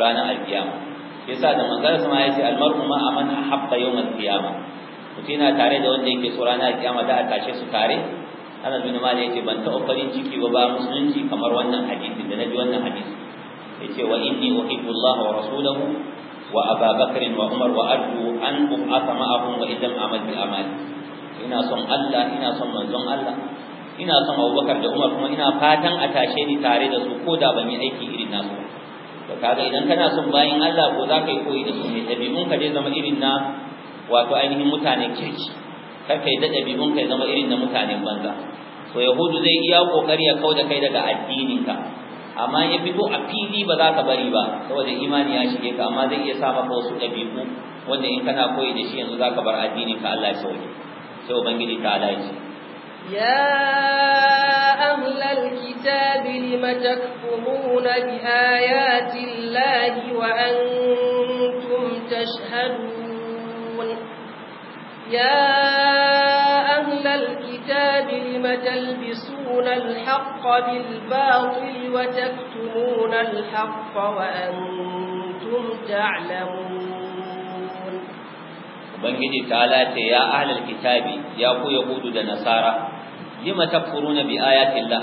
ranar alkiyama yasa da manzon sama ya ce almar'u ma aman ahabba yawm alkiyama mutum yana tare da wanda yake tsoron ranar kiyama da a tashe su tare ana bin mali yake ban taɓa farin ciki ba ba musulunci kamar wannan hadisi da naji wannan hadisi yace wa inni uhibbu Allah wa rasulahu wa Abu Bakr wa Umar wa arju an ub'atha ma'ahum wa idam amal bil amal ina son Allah ina son manzon Allah ina son Abubakar da Umar kuma ina fatan a tashe ni tare da su ko da ban yi aiki irin nasu to kaga idan kana son bayin Allah ko za ka yi koyi da su ne dabi'un ka kaje zama irin na wato ainihin mutanen kirki kar kai da ka ya zama irin na mutanen banza to yahudu zai iya kokari ya kauda kai daga addininka. ka amma ya fito a fili ba za ka bari ba saboda imani ya shige ka amma zai iya sa maka wasu ɗabi'u wanda in kana koyi da shi yanzu za ka bar addininka. ka Allah ya sauke sai ubangiji ta alaji يا أهل الكتاب لم تكفرون بآيات الله وأنتم تشهدون الرحيم يا أهل الكتاب لم تلبسون الحق بالباطل وتكتمون الحق وأنتم تعلمون Ubangiji ta lace ya ahlal kitabi ya koya Yahudu da Nasara lima bi'a ya ayatillah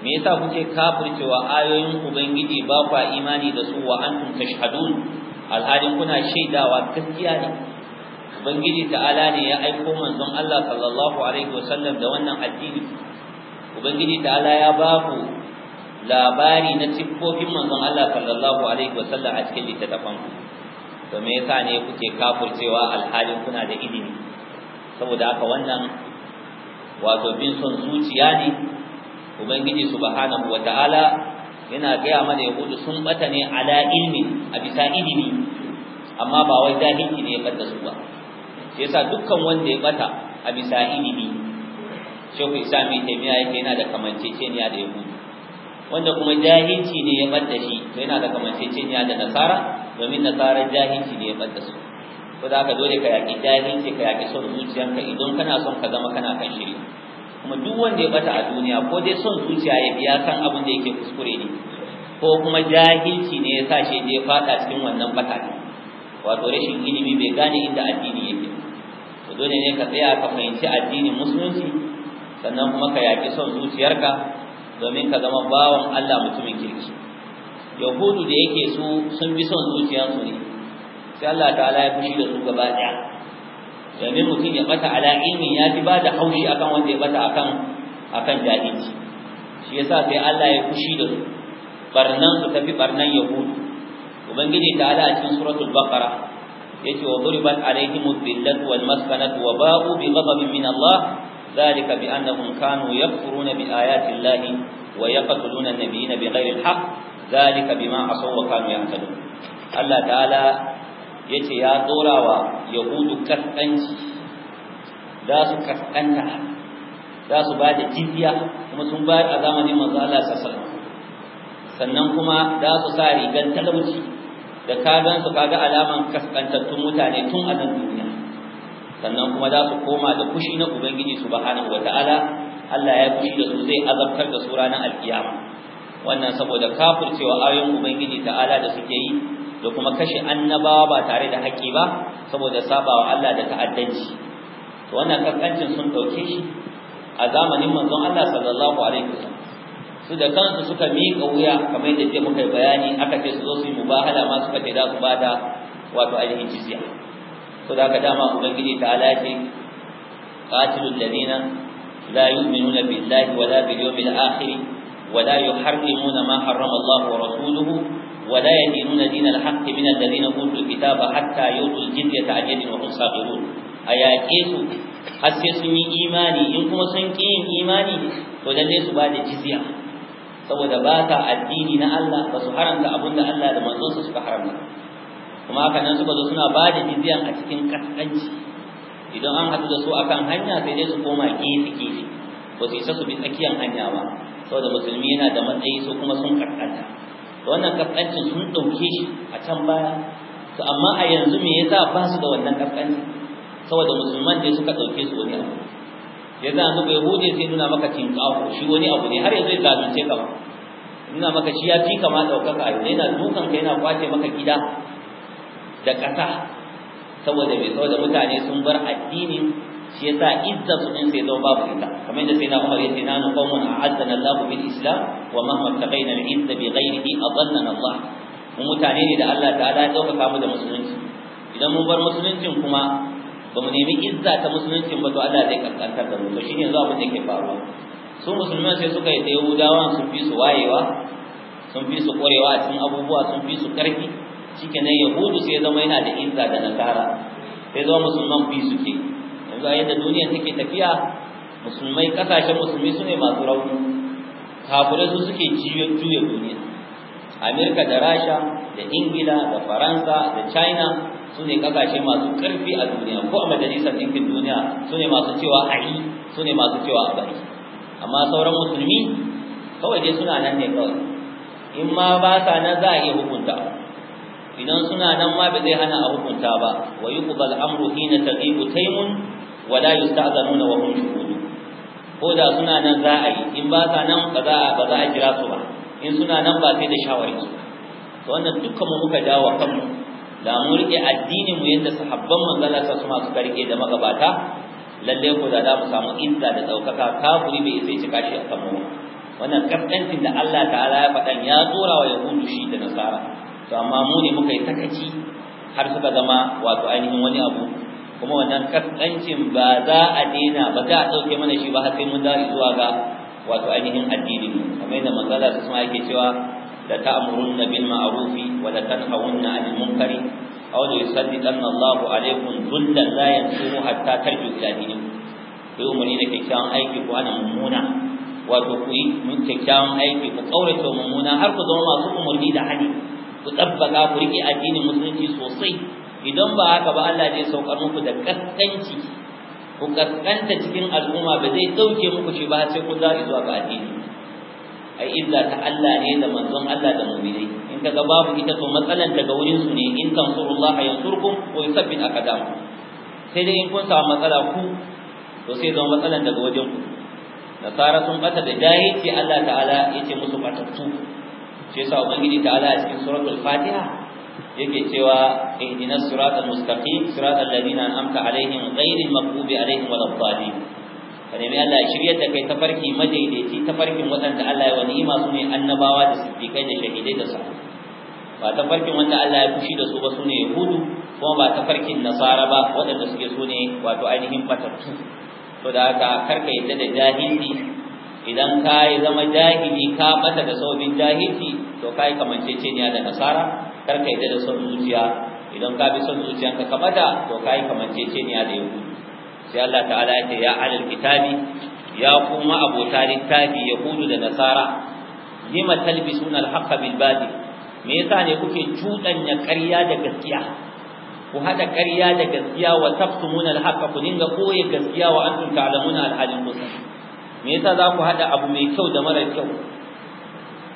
me yasa kuke kafircewa ayoyin Ubangiji ba ku imani da su wa antum tashhadun al'adin kuna shaidawa gaskiya ne ubangiji ta'ala ne ya aiko manzon Allah sallallahu alaihi wasallam da wannan addini ubangiji ta'ala ya ba ku labari na siffofin manzon Allah sallallahu alaihi wasallam a cikin littafin ku to me yasa ne kuke kafircewa alhalin kuna da ilimi saboda haka wannan wato bin son zuciya ne ubangiji subhanahu wataala yana gaya mana ya hudu sun bata ne ala ilmi a bisa ilimi amma ba wai jahilci ne ya bata su ba yasa dukkan wanda ya bata a bisa ilimi shehu isami taimiya yake yana da kamanceceniya da yahudu wanda kuma jahilci ne ya da shi to yana da kamanceceniya da nasara domin nasara jahilci ne ya da su ko da haka dole ka yaki jahilci ka yaki son zuciyanka idan kana son ka zama kana kan shiri kuma duk wanda ya bata a duniya ko dai son zuciya ya biya san abin da yake kuskure ne ko kuma jahilci ne ya sa shi ya fada cikin wannan bata ne wato rashin ilimi bai gane inda addini dole ne ka tsaya ka fahimci addinin musulunci sannan kuma ka yaƙi son zuciyarka domin ka zama bawan Allah mutumin kirki yahudu da yake su sun bi son zuciyarsu ne sai Allah ta'ala ya fushi da su gaba ɗaya domin mutum ya bata ala ilmin ya ji ba da haushi akan wanda ya bata akan akan jahilci shi yasa sai Allah ya fushi da su barnan su tafi barnan yahudu ubangiji ta'ala a cikin suratul baqara yake wa duribat alaihim dhillat wal maskanat wa ba'u bi ghadabin min Allah ذلك بأنهم كانوا يكفرون بآيات الله ويقتلون النبيين بغير الحق ذلك بما عصوا وكانوا يعتدون الله تعالى yace ya dorawa yahudu kaskanci za su kaskanta za su bada jizya kuma sun bayar a zamanin manzo Allah sallallahu sannan kuma za su sa rigan talauci da ka gan su kaga alaman kaskantattun mutane tun a nan duniya sannan kuma za su koma da fushi na ubangiji subhanahu wataala Allah ya fushi da su zai azabtar da su ranar alkiyama wannan saboda kafircewa ayoyin ubangiji ta'ala da suke yi da kuma kashe annabawa ba tare da haƙƙi ba saboda sabawa Allah da ta'addanci to wannan kaskancin sun dauke shi a zamanin manzon Allah sallallahu alaihi wasallam su da kansu suka miƙa wuya kamar yadda ce muka bayani aka ce su zo su yi mubahala ma suka ce za su bada wato ainihin jizya to da haka dama ubangiji ta alaƙi qatilul ladina la yu'minuna billahi wala bil yawmil akhir wala yuharrimuna ma harrama Allah wa rasuluhu ولا يدينون دين الحق من الذين اوتوا الكتاب حتى يؤتوا الجزيه عن يد وهم صاغرون ayake su har sai sun yi imani in kuma sun ki yin imani to lalle su ba da jizya saboda ba ta addini na Allah ba su haramta abin da Allah da manzonsa suka haramta kuma haka nan suka zo suna ba da jizyan a cikin kaskanci idan an haɗu da su akan hanya sai dai su koma gefe gefe ba su isa su bi tsakiyar hanya ba saboda musulmi yana da matsayi su kuma sun kaskanta wannan kaskancin sun ɗauke shi a can baya to amma a yanzu me yasa ba su da wannan kaskancin saboda musulman dai suka ɗauke su wani abu ya za mu bai huje sai nuna maka tinkawo shi wani abu ne har yanzu ya zalunce ka nuna maka shi ya fi kama ɗaukaka yanzu yana dukan ka yana kwace maka gida da ƙasa saboda mai saboda mutane sun bar addinin shi yasa izza su din sai zama babu ita kamar da sai na Umar yace na nu qawmun a'azzana Allahu bil Islam wa mahma taqayna al izza bi ghayrihi adanna Allah Mun mutane ne da Allah ta'ala ya dauka mu da musulunci idan mun bar musuluncin kuma ba mu nemi izza ta musulunci ba to Allah zai kankantar da mu to shine yanzu abin da yake faruwa su musulman sai suka yi da yahudawan sun fi su wayewa sun fi su ƙwarewa a cikin abubuwa sun fi su ƙarfi shike nan yahudu sai zama yana da izza da nasara sai zama musulman fi ke. yanzu a yadda duniya take tafiya musulmai kasashen musulmi su ne masu rauni kafirai su suke juya duniya amerika da rasha da ingila da faransa da china su ne kasashe masu karfi a duniya ko a majalisar ɗinkin duniya su ne masu cewa a yi su ne masu cewa a bari amma sauran musulmi kawai dai suna nan ne kawai in ma ba sa nan za a iya hukunta idan suna nan ma ba zai hana a hukunta ba wa yuqbal amru hina taghibu taymun wa la yusta'zanuna wa hum shuhud ko da suna nan za a yi in ba sa nan ba za ba za a kira su ba in suna nan ba sai da shawarci to wannan dukkan mu muka dawo kanmu da mu rike addinin mu yadda sahabban manzala sa suma su da magabata lalle ko da za mu samu inda da daukaka kafiri bai sai cika shi akan mu wannan kaftancin da Allah ta'ala ya faɗan ya tsora wa yahudu shi da nasara to amma mu ne muka yi takaci har suka zama wato ainihin wani abu kuma wannan kaskancin ba za a daina ba za a dauke mana shi ba har sai mun dawo zuwa ga wato ainihin addini kamar yadda manzala sa suma yake cewa لتأمرن بالمعروف ولتنهون عن المنكر أو ليسلطن الله عليكم ذلا لا ينصر حتى ترجو إلى دينكم ku yi umarni da kyakkyawan aiki ku hana mummuna wato ku yi kyakkyawan aiki ku kaurace mummuna har ku zama masu umarni da hali ku tsabbaka ku rike addinin musulunci sosai idan ba haka ba Allah zai saukar muku da kaskanci ku kaskanta cikin al'umma ba zai dauke muku shi ba sai ku zai zuwa ga addini ai illa ta Allah ne da manzon Allah da mu'minai in kaga babu ita to matsalan daga wurin su ne in tansurullaha yansurkum wa yusabbit aqdam sai dai in kun samu matsala ku to sai zama matsalan daga wajen ku nasara sun bata da jahilci Allah ta'ala yace musu batattu shi yasa ubangiji ta'ala a cikin suratul fatiha yake cewa ihdinas siratal mustaqim siratal ladina an'amta alaihim ghayril maghdubi alaihim waladdallin ka nemi Allah ya shiryar da kai tafarki madaidaici tafarkin waɗanda Allah ya wani ni'ima su ne annabawa da siddiqai da shahidai da sa ba tafarkin wanda Allah ya fushi da su ba su ne yahudu kuma ba tafarkin nasara ba waɗanda suke su ne wato ainihin batattu to da haka karka yadda da jahili idan ka yi zama jahili ka bata da saubin jahili to ka yi kamanceceniya da nasara karka yadda da son zuciya idan ka bi son zuciyanka ka mata to ka yi kamanceceniya da yahudu sai Allah ta'ala ya ce ya alal kitabi ya kuma abota littafi yahudu da nasara lima talbisuna al-haqqa bil batil me yasa ne kuke cudanya ƙarya da gaskiya ku hada ƙarya da gaskiya wa taftumuna al-haqqa ku dinga koyi gaskiya wa antum ta'lamuna al-halin me yasa za ku hada abu mai kyau da mara kyau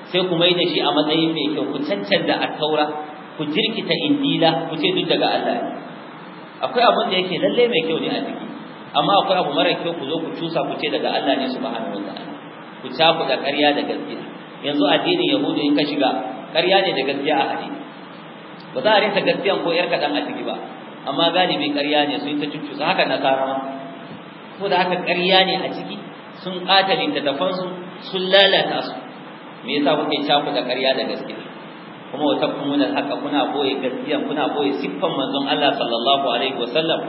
sai ku mai da shi a matsayin mai kyau ku cancanta a taura ku jirkita injila ku ce duk daga Allah akwai abin da yake lalle mai kyau ne a ciki amma akwai abu mara kyau ku zo ku cusa ku ce daga Allah ne subhanahu wataala ku da ƙarya da gaskiya yanzu addinin yahudu in ka shiga ƙarya ne da gaskiya a hadi ba za a rinta gaskiyan ko yar kaɗan a ciki ba amma galibi ƙarya ne sun ta cucusa haka na ma ko da haka ƙarya ne a ciki sun ƙata dafansu sun lalata su me yasa kuke da ƙarya da gaskiya kuma wa takmuna haka kuna boye gaskiya kuna boye siffan manzon Allah sallallahu alaihi wasallam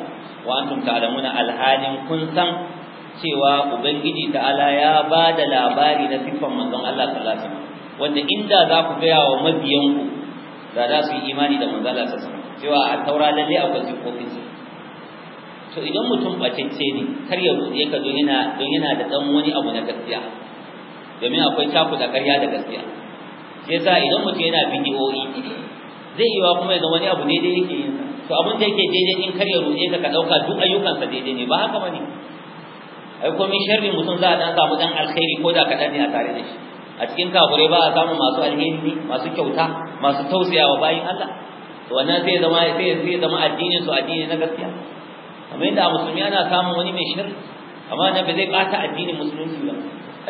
wa antum ta'lamuna alhalin kun san cewa ubangiji ta'ala ya ba da labari na siffan manzon Allah sallallahu alaihi wasallam wanda inda za ku ga wa mabiyan ku da za su yi imani da manzon Allah sallallahu alaihi wasallam cewa a taura lalle a akwai ko sa to idan mutum bacecce ne kar ya buɗe ka don yana don yana da dan wani abu na gaskiya domin akwai cakuɗa ƙarya da gaskiya shi yasa idan mutum yana bidiyoyi zai yiwa kuma ya wani abu daidai yake yin to abin da yake daidai in kar ya roƙe ka ka ɗauka duk ayyukansa daidai ne ba haka bane ai komai sharri mutum za a dan samu dan alkhairi ko da kadan ne a tare da shi a cikin kafurai ba a samu masu alheri masu kyauta masu tausayawa bayin Allah to wannan sai zama sai sai zama addinin su addini na gaskiya amma inda a musulmi ana samun wani mai shirri amma na bai zai bata addinin musulunci ba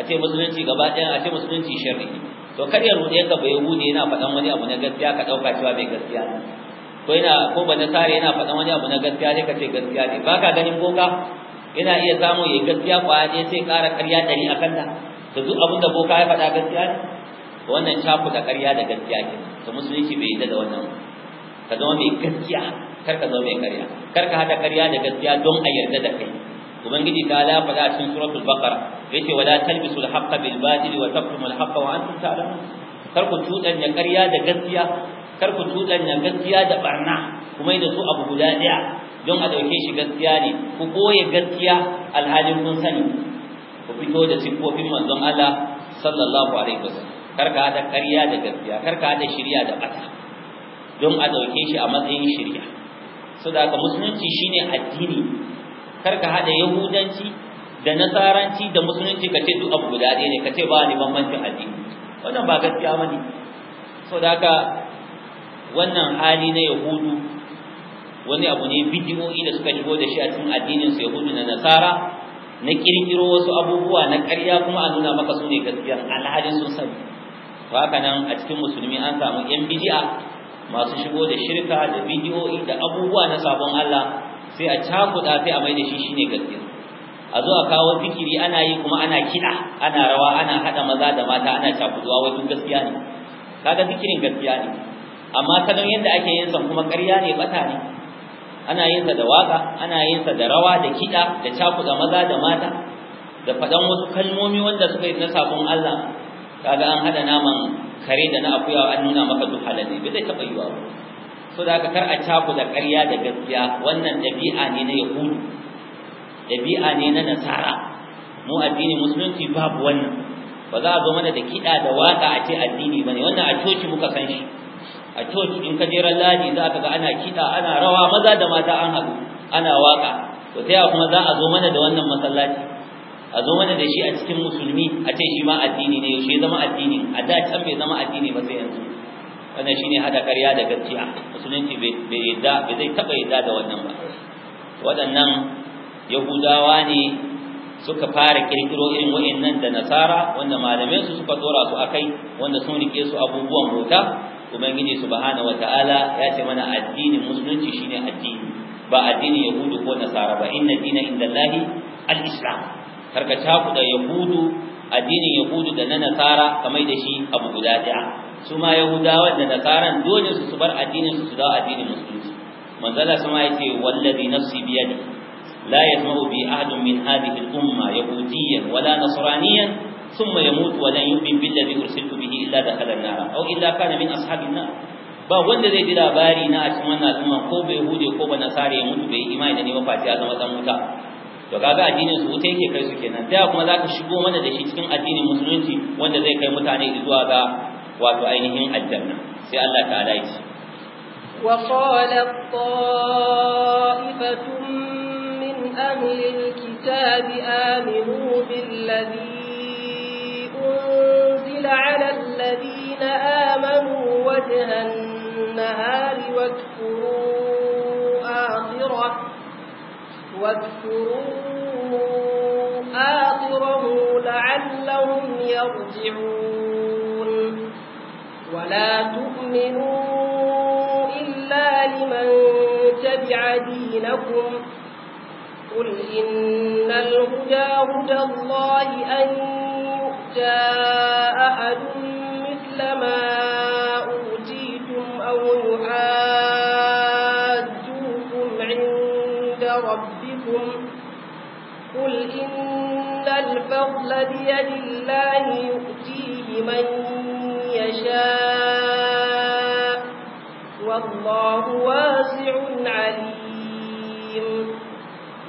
a ce musulunci gaba ɗaya a ce musulunci sharri to kada ya rude ka ba yahudi yana faɗan wani abu na gaskiya ka ɗauka cewa bai gaskiya ne ko yana ko ba sare yana faɗan wani abu na gaskiya ne ka ce gaskiya ne ba ka ganin boka yana iya samu ya gaskiya kwaya ne sai kara ƙarya ɗari a ta to duk abin da boka ya faɗa gaskiya ne wannan cafu da ƙarya da gaskiya ke to musulunci bai yi da wannan ka zama mai gaskiya kar ka zama mai ƙarya kar ka haɗa ƙarya da gaskiya don a yarda da kai ubangiji ta ala faɗa a cikin suratul baqara yace wala talbisul haqqo bil batili wa taqtumul haqqo wa antum ta'lamun kar ku tudanya ƙarya da gaskiya kar ku tudanya gaskiya da barna kuma da su abu guda ɗaya don a dauke shi gaskiya ne ku koye gaskiya alhalin kun sani ku fito da sifofin manzon Allah sallallahu alaihi wasallam kar ka hada ƙarya da gaskiya kar ka hada shirya da bata don a dauke shi a matsayin shirya saboda musulunci shine addini kar ka hada yahudanci da nasaranci da musulunci ka ce duk abu guda ɗaya ne ka ce ba ni bambancin addini wannan ba gaskiya bane da haka wannan hali na yahudu wani abu ne bidiyoyi da suka shigo da shi a cikin addinin su yahudu na nasara na kirkiro wasu abubuwa na ƙarya kuma a nuna maka su ne gaskiya alhalin sun sani to haka nan a cikin musulmi an samu yan bidi'a masu shigo da shirka da bidiyoyi da abubuwa na sabon Allah sai a cakuɗa sai a mai da shi shine gaskiya a zo a kawo zikiri ana yi kuma ana kiɗa ana rawa ana haɗa maza da mata ana cakuɗuwa wai duk gaskiya ne kaga zikirin gaskiya ne amma salon yadda ake yin sa kuma ƙarya ne bata ne ana yin sa da waka ana yin sa da rawa da kiɗa da cakuɗa maza da mata da faɗan wasu kalmomi wanda suka yi na sabon Allah kaga an haɗa naman kare da na akuya an nuna maka duk halalle bai zai taɓa yiwa ba so da ka kar a caku da ƙarya da gaskiya wannan ɗabi'a ne na yahudu ɗabi'a ne na nasara mu addini musulunci babu wannan ba za a zo mana da kiɗa da waƙa a ce addini bane wannan a coci muka san shi a coci in ka je ladi za ka ga ana kiɗa ana rawa maza da mata an haɗu ana waƙa to sai a kuma za a zo mana da wannan masallaci a zo mana da shi a cikin musulmi a ce shi ma addini ne yaushe zama addini a da can bai zama addini ba sai yanzu wannan shine hada ƙarya da gaskiya musulunci bai yadda bai zai taba yadda da wannan ba waɗannan yahudawa ne suka fara kirkiro irin wa'annan da nasara wanda malamai su suka dora su akai wanda sun rike su abubuwan bauta ubangiji subhanahu wataala ya ce mana addinin musulunci shine addini ba addinin yahudu ko nasara ba inna dina indallahi al-islam karka cakuda yahudu addinin yahudu da na nasara kamar da shi abu guda daya su ma yahudawa da nasaran dole su su bar addinin su dawo addinin musulunci manzala sama ya ce wallazi nafsi biyadi la yasma'u bi ahadun min hadhihi al-umma yahudiyyan wala nasraniyyan ثم يموت ولن يؤمن بالذي ارسلت به الا دخل النار او الا كان من اصحاب النار ba wanda zai ji labari na a cikin wannan al'umma ko bai hude ko ba nasara ya mutu bai imani da ni ba ya zama dan wuta to kaga addinin su wuta yake kai su kenan da kuma zaka shigo mana da shi cikin addinin musulunci wanda zai kai mutane zuwa ga wato ainihin aljanna sai Allah ta'ala ya ce wa qala ta'ifatun min ahli alkitabi aminu billadhi unzila ala alladhina amanu wajha النهار واكفروا آخره واذكروا آخره لعلهم يرجعون ولا تؤمنوا إلا لمن تبع دينكم قل إن الهدى هدى الله أن يؤتى أحد مثل ما أوتيتم أو يحاسب الفضل بيد الله يؤتيه من يشاء والله واسع عليم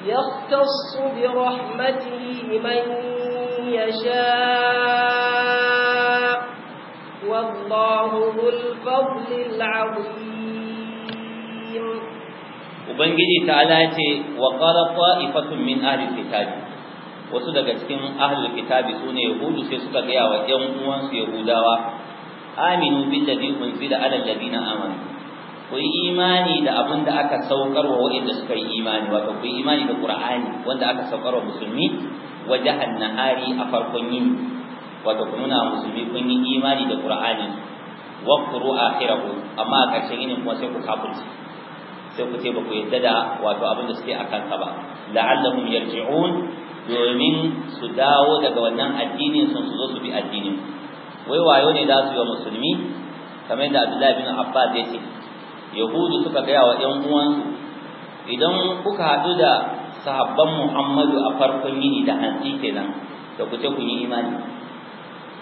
يختص برحمته من يشاء والله ذو الفضل العظيم وبنجي تعالى وقال طائفة من أهل الكتاب wasu daga cikin ahlul kitabi sune yahudu sai suka gaya wa ƴan uwansu yahudawa aminu billazi unzila ala alladhina amanu ku yi imani da abin da aka saukar wa waɗanda suka yi imani wato ku yi imani da qur'ani wanda aka saukar wa musulmi wajahan nahari a farkon yini wato ku muna musulmi kun yi imani da qur'ani wa quru akhirahu amma a ƙarshen yini kuma sai ku kafirci sai ku ce ba ku yarda da wato abin da suke a kanka ba la'allahum yarji'un domin su dawo daga wannan addinin sun su zo su bi addinin wai wayo ne za su yi wa musulmi kamar da abdullahi bin abbas ya ce yahudu suka gaya wa ‘yan uwansu idan kuka haɗu da sahabban muhammadu a farkon yini da hantsi kenan da ku ce kun yi imani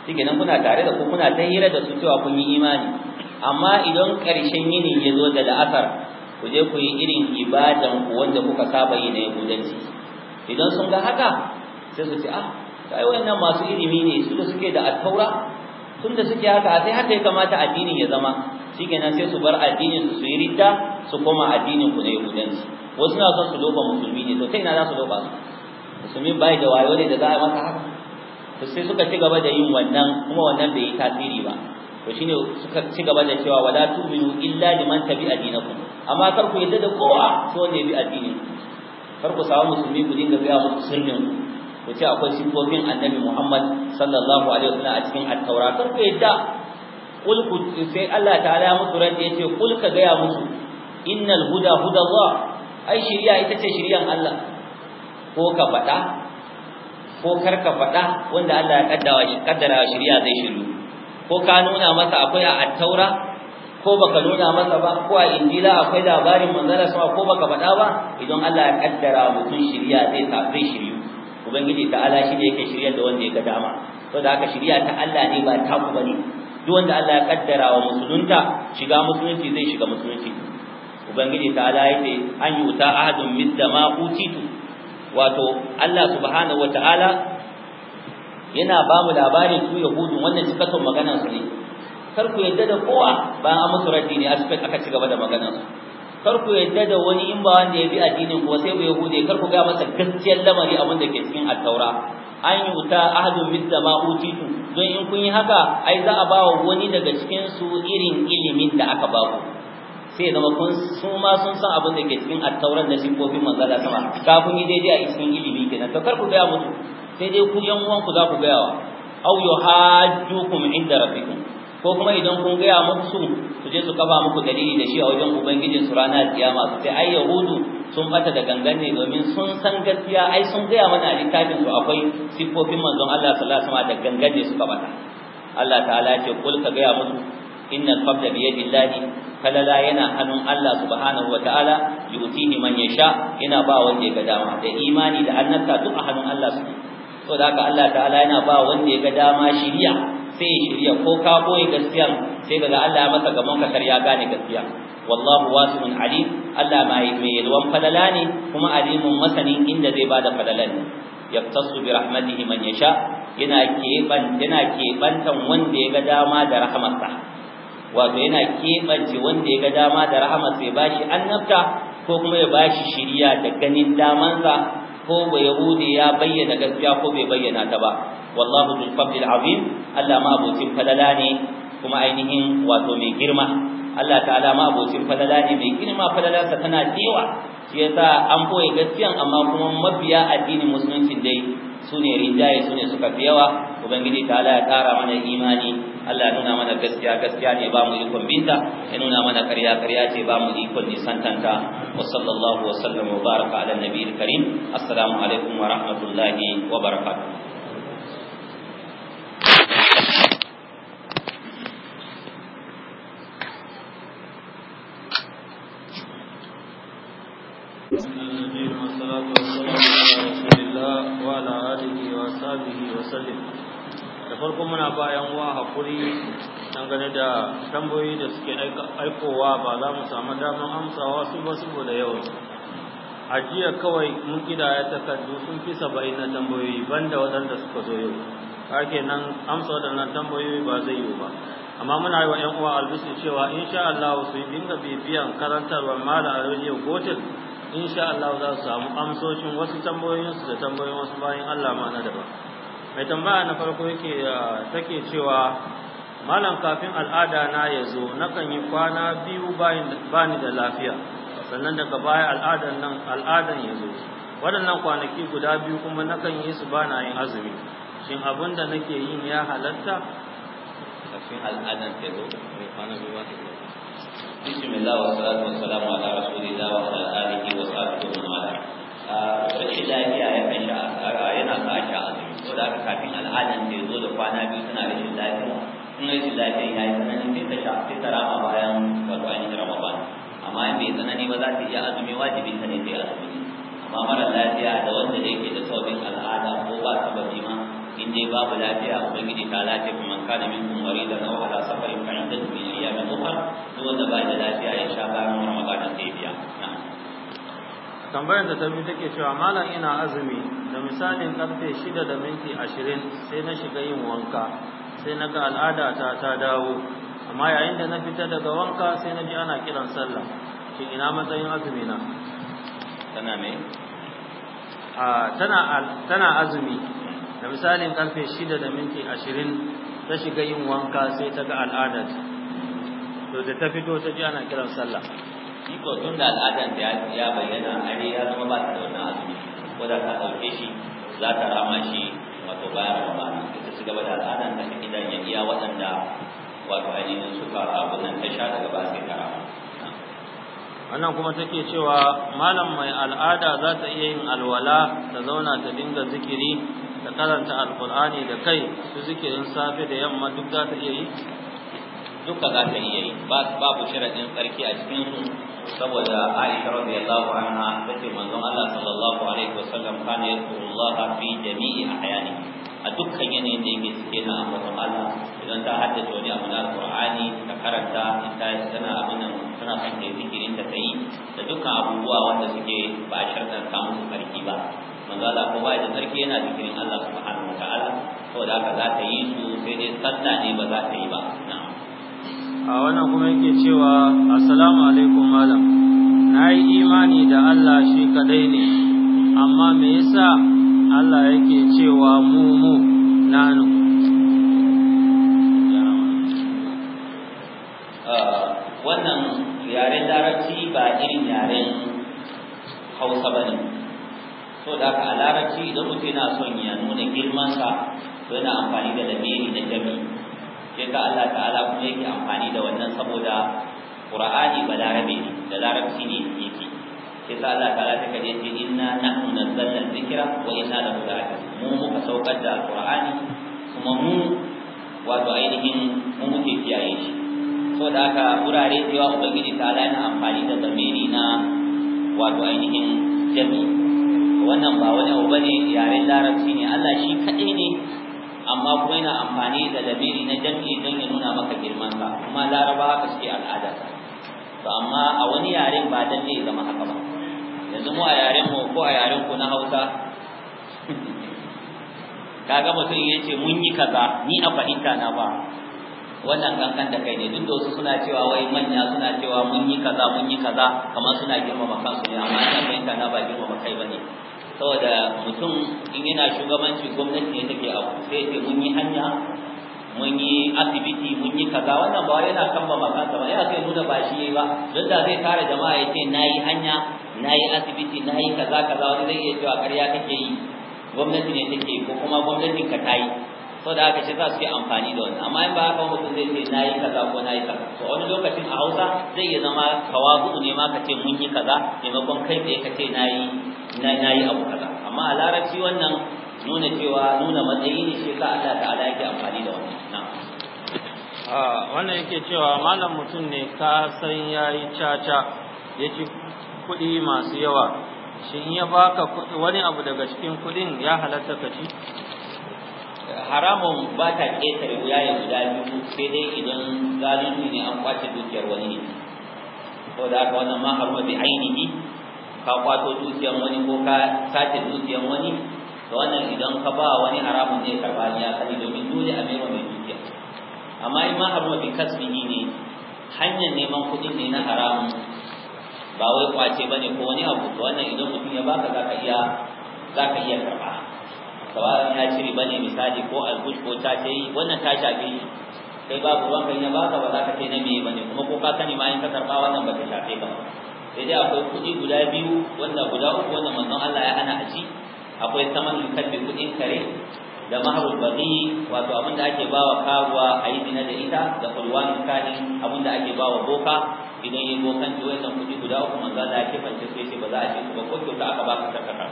shi nan kuna tare da ku kuna ta hira da su cewa kun yi imani amma idan ƙarshen yini ya zo da la'asar ku je ku yi irin ibadan ku wanda kuka saba yi na yahudanci idan sun ga haka sai su ce ah kai wayannan masu ilimi ne su da suke da al-taura tun da suke haka sai haka ya kamata addinin ya zama shikenan sai su bar addinin su su yi ridda su koma addinin ku na yahudanci wasu na son su doba musulmi ne to kai na za su doba su musulmi bai da wayo ne da za a masa haka to sai suka ci gaba da yin wannan kuma wannan bai yi tasiri ba to shine suka ci gaba da cewa wala tu'minu illa liman tabi'a dinakum amma kar ku yadda da kowa so ne ya bi addinin kar ku samu musulmi ku dinga gaya musu sirrin ku ce akwai sifofin annabi Muhammad sallallahu alaihi wasallam a cikin Attaura. taura kar ku yadda kul ku sai Allah ta'ala ya musu radi yace kul ka gaya musu innal huda hudallah ai shiriya ita ce shiriyan Allah ko ka faɗa ko kar ka faɗa wanda Allah ya kaddara shiriya zai shiru ko ka nuna masa akwai a Attaura? ko baka nuna masa ba ko a injila akwai labarin manzara sama ko baka faɗa ba idan Allah ya kaddara mutum shirya zai sa shiryu ubangiji ta ala shi ne yake shirya da wanda ya ga dama to da aka shirya ta Allah ne ba taku bane duk wanda Allah ya kaddara wa musulunta shiga musulunci zai shiga musulunci ubangiji ta ala yake an yuta ahadun mithla ma utitu wato Allah subhanahu wataala yana ba mu labarin su yahudun wannan cikakken maganar su ne kar ku yadda da kowa bayan an musu raddi ne aspect aka ci gaba da magana su kar ku yadda da wani in ba wanda ya bi addinin ku sai ku yahude kar ku ga masa gaskiyar lamari abin da ke cikin at-taura an yuta ahadun mithla ma utitu don in kun yi haka ai za a bawa wani daga cikin su irin ilimin da aka ba ku sai zama kun su ma sun san abin da ke cikin at-tauran da sifofin da sama kafin yi daidai a cikin ilimi kenan to kar ku ga mutu sai dai ku yan uwan ku za ku ga yawa au yuhajjukum inda rabbikum ko kuma idan kun gaya musu su je su kafa muku dalili da shi a wajen ubangijin su ranar kiyama su sai ai yahudu sun bata da gangan ne domin sun san gaskiya ai sun gaya mana a littafin su akwai siffofin manzon Allah sallallahu alaihi wasallam da gangan ne suka bata Allah ta'ala ya ce kul ka gaya musu innal fadla bi yadillahi falala yana hannun Allah subhanahu Ta'ala, yutihi man yasha yana ba wanda ya ga dama da imani da annabta duk a hannun Allah su to haka Allah ta'ala yana ba wanda ya ga dama shiriya sai ya shirya ko ka boye gaskiya sai daga Allah masa gaban kasar ya gane gaskiya wallahu wasi'un alim Allah mai mai yalwan falala ne kuma alimun masanin inda zai bada falala ne yaftasu bi rahmatihi man yasha yana keban yana kebantan wanda ya ga dama da rahamarsa wato yana kebance wanda ya ga dama da rahamarsa sai bashi annabta ko kuma ya bashi shiriya da ganin damansa ko ba yahudi ya bayyana gaskiya ko bai bayyana ta ba wallahu dhul fadli azim Allah ma abocin falala ne kuma ainihin wato mai girma Allah ta'ala ma abocin falala ne mai girma falalarsa tana dewa shi yasa an boye gaskiyan amma kuma mabiya addinin musulunci dai sune rinjaye sune suka fi yawa ubangiji ta'ala ya tara mana imani Allah nuna mana gaskiya gaskiya ne ba mu ikon binta ya nuna mana karya karya ce ba mu ikon nisantanta wa sallallahu wa wa baraka ala nabiyil karim assalamu alaikum wa rahmatullahi wa barakatuh wasallim da farko muna ba wa hakuri dangane da tamboyi da suke aikowa ba za mu samu damar amsawa su ba da yau a jiya kawai mun kidaya takardu sun fi saba'in na tambayoyi da waɗanda suka zo yau kake nan amsa waɗannan tambayoyi ba zai yiwu ba amma muna yi wa ‘yan uwa albisu cewa insha Allah su yi dinga bibiyan karantarwar mala a rediyo gotel insha Allah za su samu amsoshin wasu tambayoyinsu da tambayoyin wasu bayan Allah ma na daban mai tambaya na farko yake take cewa malam kafin al'ada na ya zo nakan yi kwana biyu ba ni da lafiya sannan daga baya al'adan nan al'adan ya zo waɗannan kwanaki guda biyu kuma nakan yi su ba na yin azumi shin abin da nake yin ya halatta kafin al'adan ya zo mai kwana biyu ba ta da bismillah wa salatu wa salamu ala rasulillah wa ala alihi wa sahbihi wa ala rashin lafiya ya kan sha yana sa sha azumi ko da kafin al'adan da ya zo da kwana biyu tana rashin lafiya in rashin lafiya ya yi tsananin sai ta sha sai ta rama bayan wato ainihin ramadan amma in bai tsanani ba za ta iya azumi wajibi ta ne sai azumi amma mara lafiya da wanda da yake da saurin al'ada ko ba sababi ma in dai babu lafiya ubangiji ta lafiya kuma kana minkum maridan aw ala safarin fa inda min ayyamin ukhra duk wanda ba da lafiya ya sha bayan ramadan sai biya na'am tambayar da ta biyu take cewa malam ina azumi da misalin karfe shida da minti ashirin sai na shiga yin wanka sai na ga al'ada ta ta dawo amma yayin da na fita daga wanka sai na ji ana kiran sallah shin ina matsayin azumi na tana me a tana tana azumi da misalin karfe shida da minti ashirin ta shiga yin wanka sai ta ga al'ada to da ta fito ta ji ana kiran sallah shi ko tun da al'adan da ya bayyana ne ya zama ba ta da wannan azumi ko da ta ɗauke shi za ta rama shi wato bayan ramadan da ta gaba da al'adan da ta idan ya iya waɗanda wato ainihin suka abu nan ta sha daga ba sai ta rama wannan kuma take cewa malam mai al'ada za ta iya yin alwala ta zauna ta dinga zikiri ta karanta alkur'ani da kai su zikirin safe da yamma duk za ta iya yi duka za ta iya yi babu sharadin tsarki a cikin su saboda Aisha radiyallahu anha tace manzon Allah sallallahu alaihi wasallam kana yadkurullah fi jami'i ahyani a dukkan yanayin da yake cike na ambaton Allah idan ta haddace wani abu na Qur'ani ta karanta ita tana abin nan tana son ta zikirin ta yi. da dukkan abubuwa wanda suke ba a shartan ta musu tsarki ba manzo Allah ko ba da tsarki yana zikirin Allah subhanahu wa ta'ala saboda haka za ta yi su sai dai sallah ne ba za ta yi ba na'am a wannan kuma yake cewa assalamu alaikum malam na yi imani da Allah shi kadai ne amma me yasa Allah yake cewa mu mu nanu ah, wannan yaren larabci ba irin yaren hausa ba ne so da aka a larabci idan mutum yana son ya nuna girmansa yana amfani da lamiri da jami wannan saboda qur'ani ba larabi ne da larabci ne yake sai sa Allah ta'ala ta kaje ce inna nahnu nazzalna dhikra wa inna lahu la'ibun mu muka saukar da qur'ani kuma mu wato ainihin mu muke kiyaye shi so da haka wurare da yawa ubangiji ta'ala yana amfani da zamiri na wato ainihin jami wannan ba wani abu bane yaren larabci ne Allah shi kadai ne amma kuma yana amfani da zamiri na jami'i don nuna maka girman ka kuma laraba haka suke al'ada to amma a wani yaren ba dan ne zama haka ba yanzu mu a yaren mu ko a yaren ku na Hausa <laughs> kaga mutum yace mun yi kaza ni a fahimta na ba wannan kankan da kai ne duk da wasu suna cewa wai manya suna cewa mun yi kaza mun yi kaza kamar suna girmama kansu ne amma ina fahimta na ba girmama kai bane saboda mutum in yana shugabanci gwamnati ne take abu sai ce mun yi hanya mun yi asibiti mun yi kaza wannan ba yana kan ba kansa ba yana kai nuna ba shi yayi ba don da zai tare jama'a yace nayi hanya nayi asibiti nayi kaza kaza wani zai iya cewa ƙarya kake yi gwamnati ne take ko kuma gwamnati ka tayi so da aka ce za su yi amfani da wannan amma in ba haka mutum zai ce na kaza ko na kaza to wani lokacin a hausa zai iya zama tawazu ne ma ka ce mun yi kaza maimakon kai ne ka ce na yi abu kaza amma a larabci wannan nuna cewa nuna matsayi ne shi ka Allah ta'ala yake amfani da wannan wannan yake cewa malam mutum ne ka san yayi caca ya ci kuɗi masu yawa shin ya baka wani abu daga cikin kuɗin ya halatta ka ci haramun ba ta ƙetare wuya ya guda biyu sai dai idan zalunci ne an kwace dukiyar wani ne ko da haka wannan ma haruma bi ainihi ka kwato dukiyar wani ko ka sace dukiyar wani to wannan idan ka ba wani haramun zai karba ya kai domin dole a mai mai dukiya amma in ma haruma bi kasbihi ne hanyar neman kuɗin ne na haramun ba wai kwace bane ko wani abu to wannan idan mutum ya baka zaka iya zaka iya karba sawaran ya ciri bane misali ko albush ko ta ce wannan ta shafe kai babu ruwan kan ya baka ba za ka ce na meye bane kuma ko ka sani ma in ka karba wannan ba ta shafe ka ba sai dai akwai kuɗi guda biyu wanda guda uku wanda manzon Allah ya hana a ci akwai saman kaddi kudin kare da mahrul baqi wato abinda ake bawa karuwa ayi dina da ita da kulwan kani abinda ake bawa boka idan yi bokan ji wannan kudi guda uku manzo da ake fance sai ce ba za a ce ba ko kyauta aka baka ka karba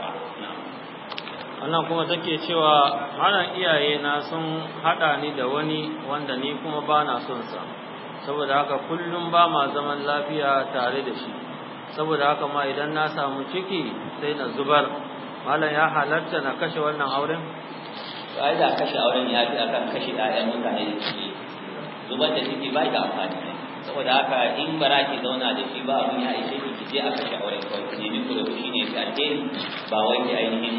wannan kuma take cewa hana iyaye na sun hada ni da wani wanda ni kuma ba na son sa saboda haka kullum ba ma zaman lafiya tare da shi saboda haka ma idan na samu ciki sai na zubar malam ya halarta na kashe wannan auren ai da kashe auren ya fi akan kashe ƴaƴan mutane da suke zubar da ciki ba da amfani saboda haka in ba ki zauna da shi ba abin ya ishe ki ki je a kashe auren kawai ki nemi ku da shi ne ki alheri ba wai ki ainihin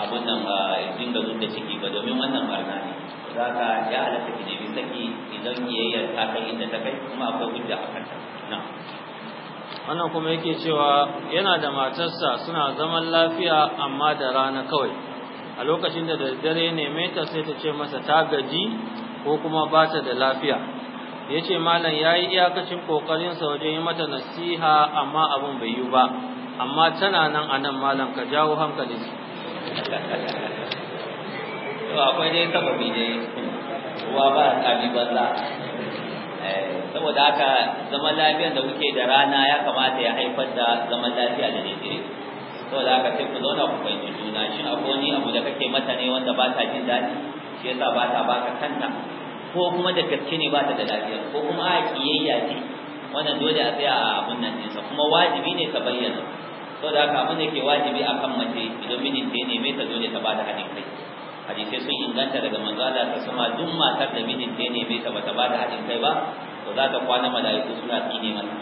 abun nan dinga da ciki ba domin wannan barna ne za ka ya halarta ki nemi saki idan yayyar ta kai inda ta kai kuma akwai hujja a kanta na'am wannan kuma yake cewa yana da matarsa suna zaman lafiya amma da rana kawai a lokacin da daddare ne ta sai ta ce masa ta gaji ko kuma ba ta da lafiya ya ce malam ya yi iyakacin ƙoƙarinsa wajen yi mata nasiha amma abin bai yi ba amma tana nan a nan malam ka jawo hankali su <laughs> akwai dai sababi dai ruwa ba a ƙali banza Eh, saboda haka zaman lafiyar da kuke da rana ya kamata ya haifar da zaman lafiya da daidai saboda haka sai ku zauna ku fahimci juna shi a wani abu da kake mata ne wanda ba ta jin daɗi shi yasa ba ta baka kanta ko kuma da gaske ne ba ta da lafiya ko kuma a kiyayya ce wannan dole a tsaya a abun nan ɗinsa kuma wajibi ne ta bayyana saboda haka abin da ke wajibi akan mace idan mijinta ya neme ta dole ta ba da haɗin kai hadisai sun inganta daga manzala ta sama duk matar da mijin ta neme ta bata ba da hadin kai ba to za ta kwana mala'iku suna tsine mata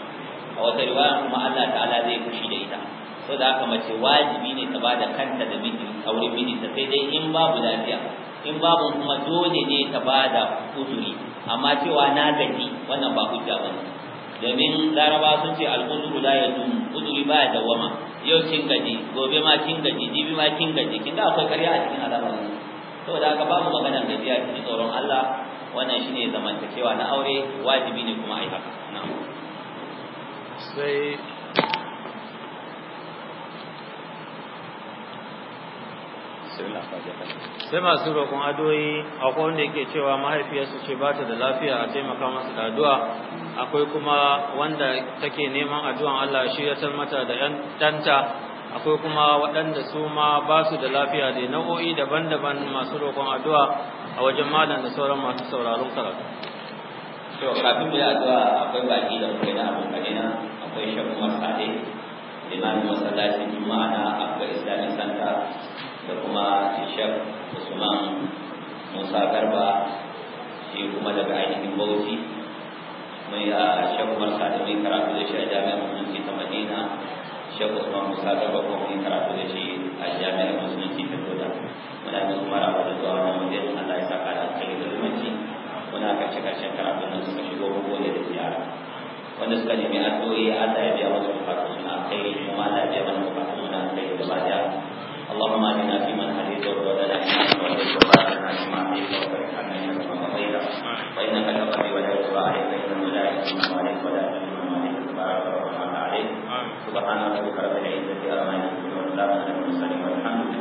a wata riwa kuma Allah ta'ala zai kushi da ita so da aka mace wajibi ne ta bada kanta da mijin auren ta sai dai in babu lafiya in babu kuma dole ne ta bada uzuri amma cewa na gaji wannan ba hujja bane domin laraba sun ce al'uzuru la yadum uzuri ba ya dawama yau kin gaji gobe ma kin gaji jibi ma kin gaji kin ga akwai karya a cikin al'amarin saboda haka babu maganar biya ki tsoron Allah wannan shine zamantakewa na aure wajibi ne kuma ai haka sai sai masu roƙon adoyi akwai wanda yake cewa mahaifiyarsu ce ba ta da lafiya a taimaka masa da addu'a akwai kuma wanda take neman addu'an Allah shi ya san mata da ɗanta akwai kuma waɗanda su ma ba su da lafiya da nau'o'i daban-daban masu roƙon addu'a a wajen malam da sauran masu sauraron karatu. To kafin mu yi addu'a akwai baki da akwai da abin madina akwai shagun masade limamin masallacin juma'a na akwai islamic santa da kuma shek usman musa garba shi kuma daga ainihin bauchi mai a shagun masade mai karatu da shi a jami'ar musulunci ta madina shehu usman musa da bakon mun karatu da shi a jami'ar musulunci ta dole muna da kuma rabu da zuwa wani wajen allah ya saka da alkhairi da zumunci muna karshe karshen karatun da suka shigo mu gode da ziyara wanda suka nemi addu'o'i allah ya biya musu bukatu suna alkhairi kuma allah ya biya mana bukatu suna alkhairi gaba daya اللهم اهدنا فيمن هديت وتولنا فيمن وليت وبارك لنا فيما اعطيت وبارك لنا فيما قضيت وانك تقضي ولا يقضى عليك فانه لا يحكم عليك ولا وبارك وأنعمت عليه سبحان ربك رب العزة عما يصفون وسلام على المرسلين والحمد لله